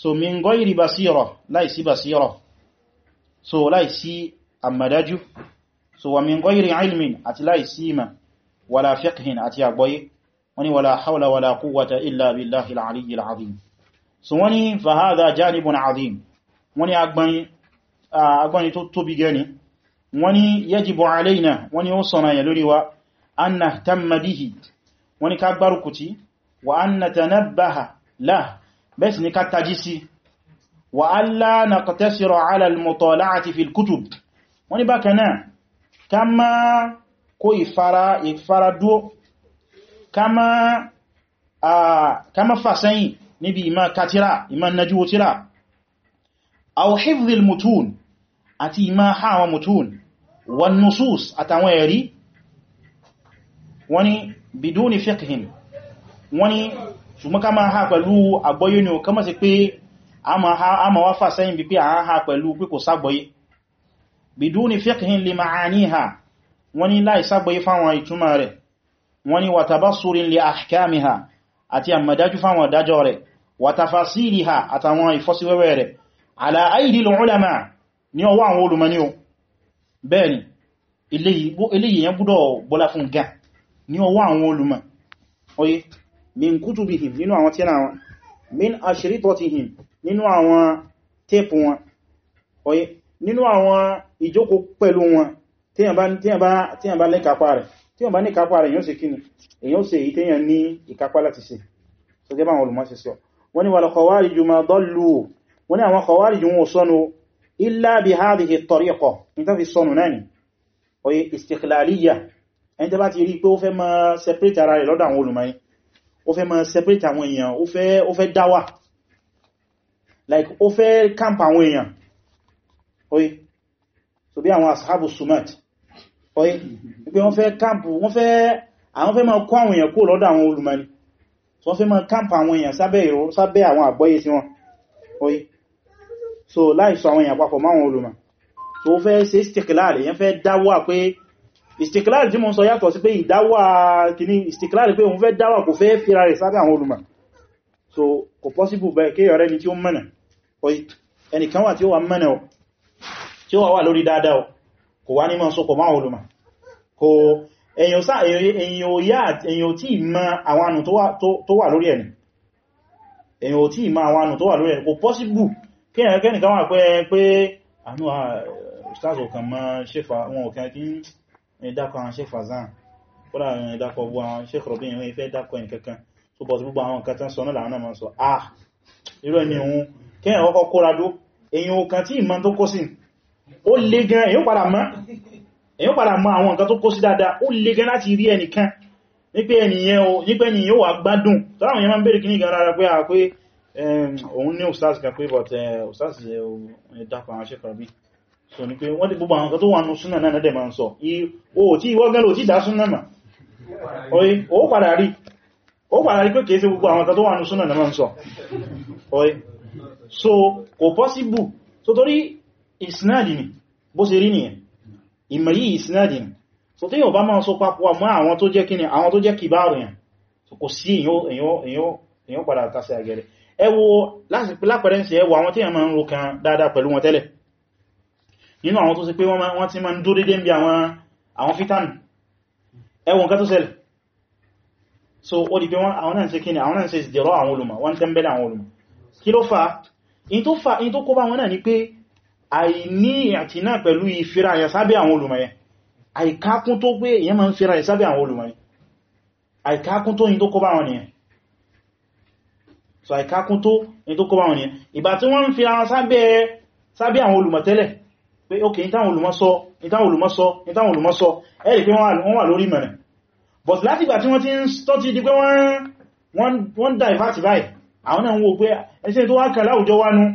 so min gọ́ìrì basíra láìsí so wa min ghayri ilmin àti láìsí ìmọ̀ wala fiqhin àti àgbọ́yé wani wala hawla wala quwwata illa billahi al-aliyyil azim so wani fa hadha janibun azim wani agbani tó tóbi gani wani yajibu alaina wani ó sọ̀nà yà lórí wa an nahtamma bihi wani ká gbárùkùtì wa an natanabbaha lah bẹ́ẹ̀ ni ká tají wa an la ala al-mutala'ati fil kutub wani bákanáà ká má kó ìfaradúó ká má fàsẹ́yìn níbi ìmá katira ìmá najúwó tíra aw hifdhil mutun àti ìmá hawa mutun wan nusus àtàwọn ẹ̀rí wani biduni fiqhin wani ṣùgbọ́n ká máa ha pẹ̀lú àgbọ́yé ni o ká má ṣe pé a máa wá fàsẹ́yìn bí pé a ha pẹ̀lú pé kò ságbọ́yé biduni fiqhin li ma'aniha wani lai sagbaye fáwọn ìtumọ̀ rẹ̀ wani wa tabassurin li ahkamiha àti àmàdájú fáwọn dájọ́ rẹ̀ wa tafasiliha àtàwọn ìfọ́síwẹ́wẹ́ rẹ̀ ala aidil ulama ní ọwọ́ àwọn olùmọ̀ní o bẹ́ẹ̀ni eléyìí yẹn gbọ́dọ̀ bọ́lá fún gan ní ọwọ́ àwọn olùmọ̀ oye min kutubihim nínú àwọn tírà wọn min ashritotihim nínú àwọn téèpù wọn oye nínú àwọn ìjókòó pẹ̀lú wọn tíyàn bá lẹ́kàpá rẹ̀ tíyàn bá níkàpá rẹ̀ yóò ṣe kíni èyàn ṣe èyí tíyàn ní ìkápá láti ṣe so jẹ́ bá àwọn olùmọ́sí sọ wọ́n ni wà lọ́kọ̀wárìjú ma dọ́lù wọ́n ni àwọn kọ̀wárìjú wọn sọ́nu illa bi hadhihi tariqa ní tán fi sọ́nu náà like ó fẹ́ camp àwọn èèyàn oye so bí àwọn ashabu sumat oye pé wọ́n fẹ́ kampu wọ́n fẹ́ àwọn fẹ́ máa kó àwọn èèyàn kó lọ́dọ̀ àwọn olùmọ̀ni so wọ́n fẹ́ máa kampu àwọn èèyàn sábẹ́ ìrọ̀ sábẹ́ àwọn àgbọ́yé sí wọn oye so láì sọ àwọn èèyàn papọ̀ máwọn olùmọ̀ so ó fẹ́ ṣe istiklal èèyàn fẹ́ dáwà pé istiklal tí mo sọ yàtọ̀ sí pé ìdáwà kìíní istiklal so kò possible bẹ́ẹ̀ kéèyàn ni tí ó mẹ́nà oye ẹnìkan wà tí ó wà mẹ́nà ọ̀ tí wọ́n wà lórí dáadáa kò wá ní mọ́ sókò máa olùmọ̀ kò èyàn tí ma àwọn ànù tó wà lórí ẹni èyàn tí ma àwọn ànù tó wà lórí ẹni kò pọ́síbù kí ẹ̀yàn kẹ́ni kan wà pé pé àánú stars ọ̀kan ma ṣẹ́fà wọn ọ̀kan kí ẹ̀dàkọ̀ àwọn ṣẹ́fà zan kódà ẹ̀dàkọ̀ ọgbọ́ àwọn ṣẹ́kọ̀rọ̀ bí ìwọ̀n ìfẹ́ dàkọ̀ ẹ̀kẹ́kan tó bọ̀ sí gbogbo àwọn nǹkan tán sọ náà làwọn náà ma sọ ah irú ẹni ohun kẹ́yàn kọ́kọ́ kóradó èyàn ọ̀kan tí ìmọ̀ tó kó sí ó lè gan èyí padà mọ́ àwọn nǹkan tó kó sí dáadáa ó lè gan láti rí ẹnìkan nípé ẹniyàn ó wà gbádùn tọ́láwọn yẹn máa ń bèèrè kí ní gan rárá pé àpé ah, ehm, òun ní ustaz kan pé but eh, ustaz eh, dápọ̀ àwọn ṣẹ́kọ̀ọ́ bí so ní pé wọ́n dì gbogbo àwọn kan tó wà nù súnà náà dẹ̀ máa ń sọ o tí ìwọ́ gẹ́lò tí dá súnà mà ó padà rí ó padà rí pé kìí sí gbogbo àwọn kan tó wà nù súnà náà máa ń sọ so kò possible so torí ìsìnáàdì ni bó ṣe rí nìyẹn ìmọ̀ yìí ìsìnáàdì ni so tí yóò bá máa so papọ̀ mọ́ àwọn tó jẹ́ kíni àwọn tó jẹ́ kìbáàrù yẹn so kò sí èyàn padà tasẹ̀ àgẹ̀rẹ̀ ẹ wo lápẹ̀rẹ́ ń ṣe ẹ wo àwọn tí yẹn máa ń ro kan dáadáa pẹ̀lú wọn tẹ́lẹ̀ nínú àwọn tó ṣe pé wọ́n ti máa ń dúró dédé ń bí àwọn fítánù in tó kó bá wọn náà ni pé àìní àtìná pẹ̀lú ìfira àyà sábẹ́ àwọn olùmọ̀yẹn àìkákún tó pé èyàn máa ń fira àyà sábẹ́ àwọn olùmọ̀yẹn àìkákún tó yìn tó kó bá wọn nìyẹn so àìkákún tó yìn tó kó bá wọn nìyẹn ìgbà tí wọ́n ń fira wọn sábẹ́ àwọn olùmọ̀ tẹ́lẹ̀ pé ok ìtàwọn olùmọ̀ sọ ìtàwọn olùmọ̀ sọ ìtàwọn olùmọ̀ sọ ẹ̀rì pé wọ́n wà lórí mẹ́rin but láti ìgbà tí wọ́n ti ń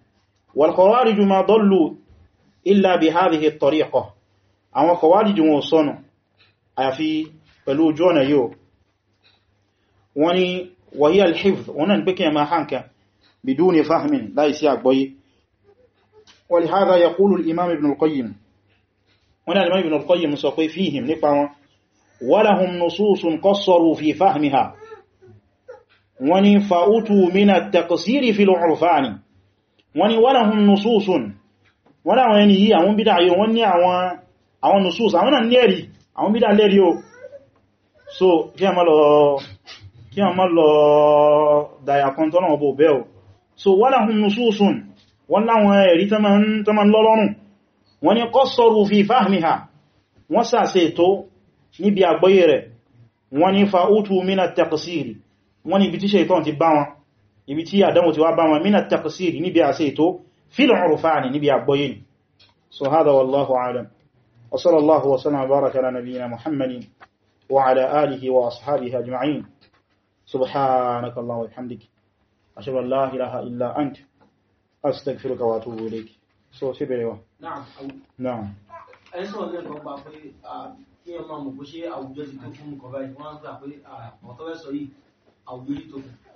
والخوارج ما ضلوا إلا بهذه الطريقة أما خوارج ما في أفي بلو جون يو وني وهي الحفظ ونن بكي ما حانك بدون فهم لا يسيع بي ولهذا يقول الإمام ابن القيم هنا الإمام ابن القيم مسقي فيهم نقام ولهم نصوص قصروا في فهمها ونفأتوا من التقصير في العرفان wọ́n ni wọ́n láhun nùsùsùn wọ́n láwọn ẹni yìí àwọn bídá ayò wọ́n ní àwọn nùsùs àwọn náà lẹ́rí àwọn bídá lẹ́rí o so kí a má lọ dàyàkan tọ́nà ọbọ̀ bẹ́ o so wọ́n láhun nùsùsùn wọ́n láwọn ẹ̀rí tọ́mà lọ́lọ́rùn wọ́n ni qassaru fi fahmiha wọ́n sàṣe tó níbi àgbọ́yẹ̀ rẹ̀ wọ́n ni fa'utu mina ibi tí àdánwò ti wá bá wọn mínà taqsir níbi àṣẹ ètò fílùn orùfáàni níbi àgbóyé ni so hádà wallahu alam wa sallallahu wa sallam baraka ala nabiyyina muhammadin wa ala alihi wa ashabihi ajma'in allahumma wa hamdika ashhadu an la ilaha illa ant astaghfiruka wa atubu ilayk so se bere wa na'am na'am en so le ko ba pe ki o ma mo bo se àwùjọ ti to fún ko báyìí wọ́n gbà pé ah mo to be so yi àwùjọ ti to fún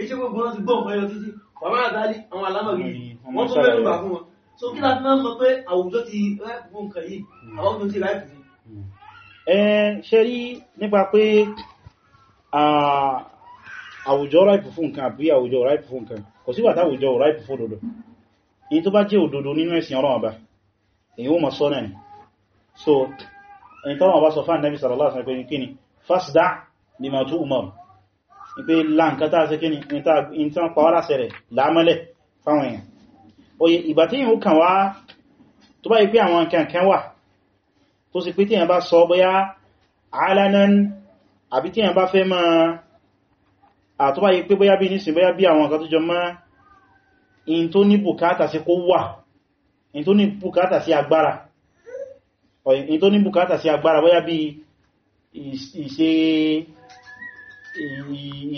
èyí gbogbo wọn ti gbọ́ ọmọ ẹyọ títí bàbá àdáyé àwọn alámọ̀rí wọ́n tún mẹ́rin bà fún wọn so kí láti máa mọ̀ pé àwùjọ ti rẹ́pù nǹkan yìí hmm. àwọn ọdún ti rẹ́pù sí hmm. ṣe rí nípa pé àwùjọ rẹ́pù fún nǹkan àbí àwùjọ rẹ́pù fún nǹkan kò sí wàtà àwùjọ rẹ́pù fún òdodo èyí tó bá jẹ́ òdodo nínú ẹ̀sìn ọ̀rọ̀ ọba èyí ó mọ̀ sọ náà so èyí tọ́rọ̀ ọba sọ fáà nẹ́bí sallallahu alaihi wasallam pé kí ni fasda lima tu'mar ìpé láǹkà tàà sí kíni in tán pàwárà sẹ̀rẹ̀ lámọ́lẹ̀ fáwọn èèyàn oye ìgbà tí yíò kàn wá tó bá ìpé àwọn kẹ̀kẹ́ wà tó sì pé tí yẹn bá sọ bóyá alanan àbí tí yẹn bá fẹ́ mọ́ àtó bá ìpé bóyá bí nísìn bóyá bí àwọn kan tó jọ mọ́ in tó ní bùkátà sí kó wà in tó ní bùkátà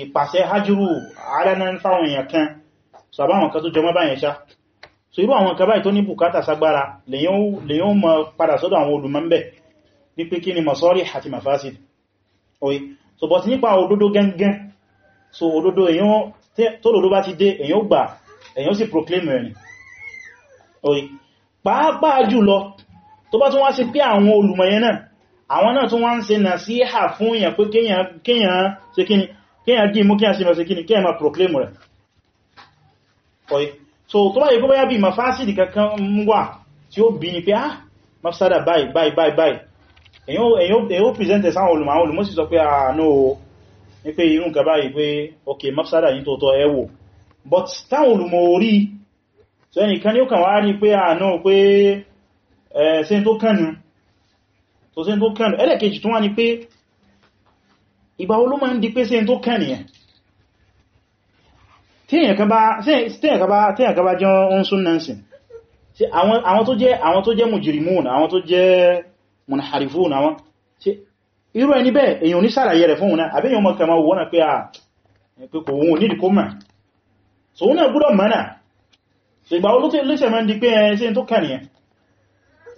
ìpàṣẹ hajjúrù aláàrín fáwọn èèyàn kan so àbáwọn kan tó jọmọ́ báyẹn ṣá so irú àwọn kan báyìí tó ní bùkátà sagbára lèyàn mọ́ padà sọ́dọ̀ àwọn olùmọ́mbẹ̀ wípé kí ni masori àti mafasid oye so bọ̀ sí nípa òdodo gangan so òdodo èyàn tó lòdó bá ti dé èyàn gbà èyàn sì proclaim ẹni oye pàápàá jùlọ tó bá tún wá sí pé àwọn olùmọ̀yẹn náà àwọn náà tún wá ń ṣe nàsíhà fún èyàn pé kíyàn dí kíyàn sí mẹ́sẹ̀ kíni kíyàn ma proclaim rẹ̀ ọ̀yí so tó báyìí ya bí mafásìdì kankan wà tí ó bí ní pé ah mafsada báyìí báyìí báyìí báyìí ó pìsẹ́ntẹ̀ sáwọn olùmọ̀ olùmọ̀ sọ pé ah no ní pé ok so se n tó kàn ẹlẹ́kejì tó wá ní pé ìgbà wo ló máa ń di pé se n tó kàn nìyẹn tíyàn kan bá jẹ́ oun súnnẹ́nsì sí àwọn tó jẹ́ àwọn tó jẹ́ mujrimun àwọn tó jẹ́ munharifun àwọn sí irú ẹni bẹ́ẹ̀ èyàn ní sàlàyé rẹ̀ fún òun náà ah, so wọ́n náà gbọ́dọ̀ mọ́nà so ìgbà olóṣèlú lẹ́sẹ̀ mọ́ di pé eh,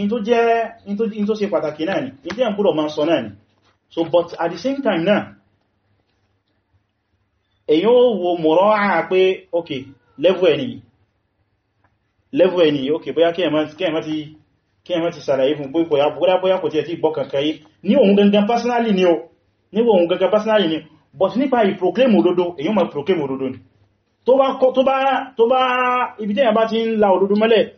in tó jẹ́ in tó ṣe pàtàkì náà ni in tí ẹ̀ ń gbọ́dọ̀ máa sọ náà ni so but at the same time náà èyàn ó wo mọ̀rọ̀ àà pé ok level ẹni level ẹni ok bóyá kí ẹ̀mọ́ ti sàlàyé fún bóyá bóyá kò tí ẹ̀ tí bọ́ kankan yí ní òun gangan personally ni o ní òun gangan personally ni but nípa ìproclaim òdodo èyàn ma proclaim òdodo ni tó bá ibi tẹ́yàn bá ti ń la òdodo mẹ́lẹ̀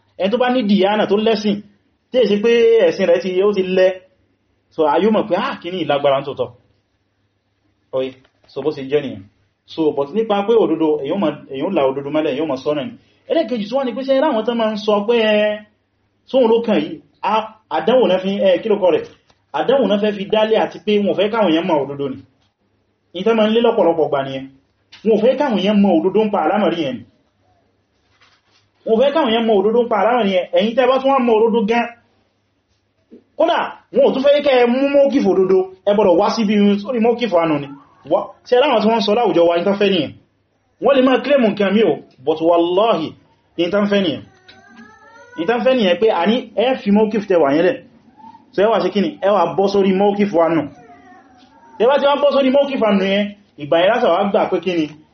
ẹni tó bá ní dìyànà tó lẹ́sìn tí è sí pé ẹ̀sìn rẹ̀ ti ó ti lẹ́ so ayó mọ̀ pé ah kíní ìlágbára ń tòótọ́ oye so bó ṣe jẹ́ nìyàn so but nípa pé òdodo èyàn la òdodo mẹ́lẹ̀ èyàn mọ̀ sọ́nà ni ẹlẹ́kejì tó wọ́n ni pé ṣe ráwọn tó máa ń sọ pé ẹ sóhun ló kàn yìí àdánwò náà fi ẹ kílòkọ rẹ̀ àdánwò náà fẹ́ fi dálé àti pé wọn fẹ́ káwọn èèyàn mọ̀ òdodo ni ìtẹ́ máa ń lé lọ́pọ̀lọpọ̀ gbà nìyẹn wọn fẹ́ káwọn èèyàn mọ̀ òdodo ń pa àlámọ̀rí yẹn ni wọ́n fẹ́ káwọn yẹn mọ òdodo ń pa aláwọ̀ ni ẹ̀yin tẹ́ bá tún wọ́n mọ òdodo gan kódà wọn ò tún fẹ́ kẹ́ mú mọ́kífò òdodo ẹ gbọ́dọ̀ wá sí bí i sórí mọ́kífò ànà ni ṣe aláwọ̀ tí wọ́n wa ìtànfẹ́ ni wọ́n lè máa kílẹ̀mù nǹkan mí o but wallahi ìtànfẹ́ ni ìtànfẹ́ ni pé a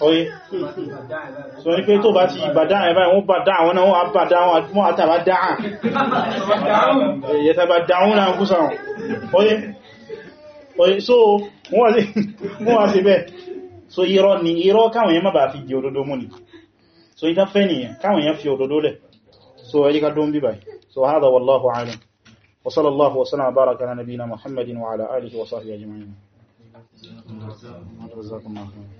oye sọ ní pé tó bá ti ìbàdá ẹ̀bá ìwọ́n bá dá àwọn náà wọ́n bá dá wọn àtàbá dáà ẹ̀yẹ̀tàbá dáwọn náà kú sáwọn oye oye so wọ́n wá sí bẹ́ẹ̀ so irọ́ ni irọ́ káwọn èèyàn má bàá fi di òdodo mú ni so ìdá fẹ́ nìyàn káwọn èèyàn fi òdodo lẹ̀ a'lam وصلى الله وسلم وبارك على نبينا محمد وعلى آله وصحبه أجمعين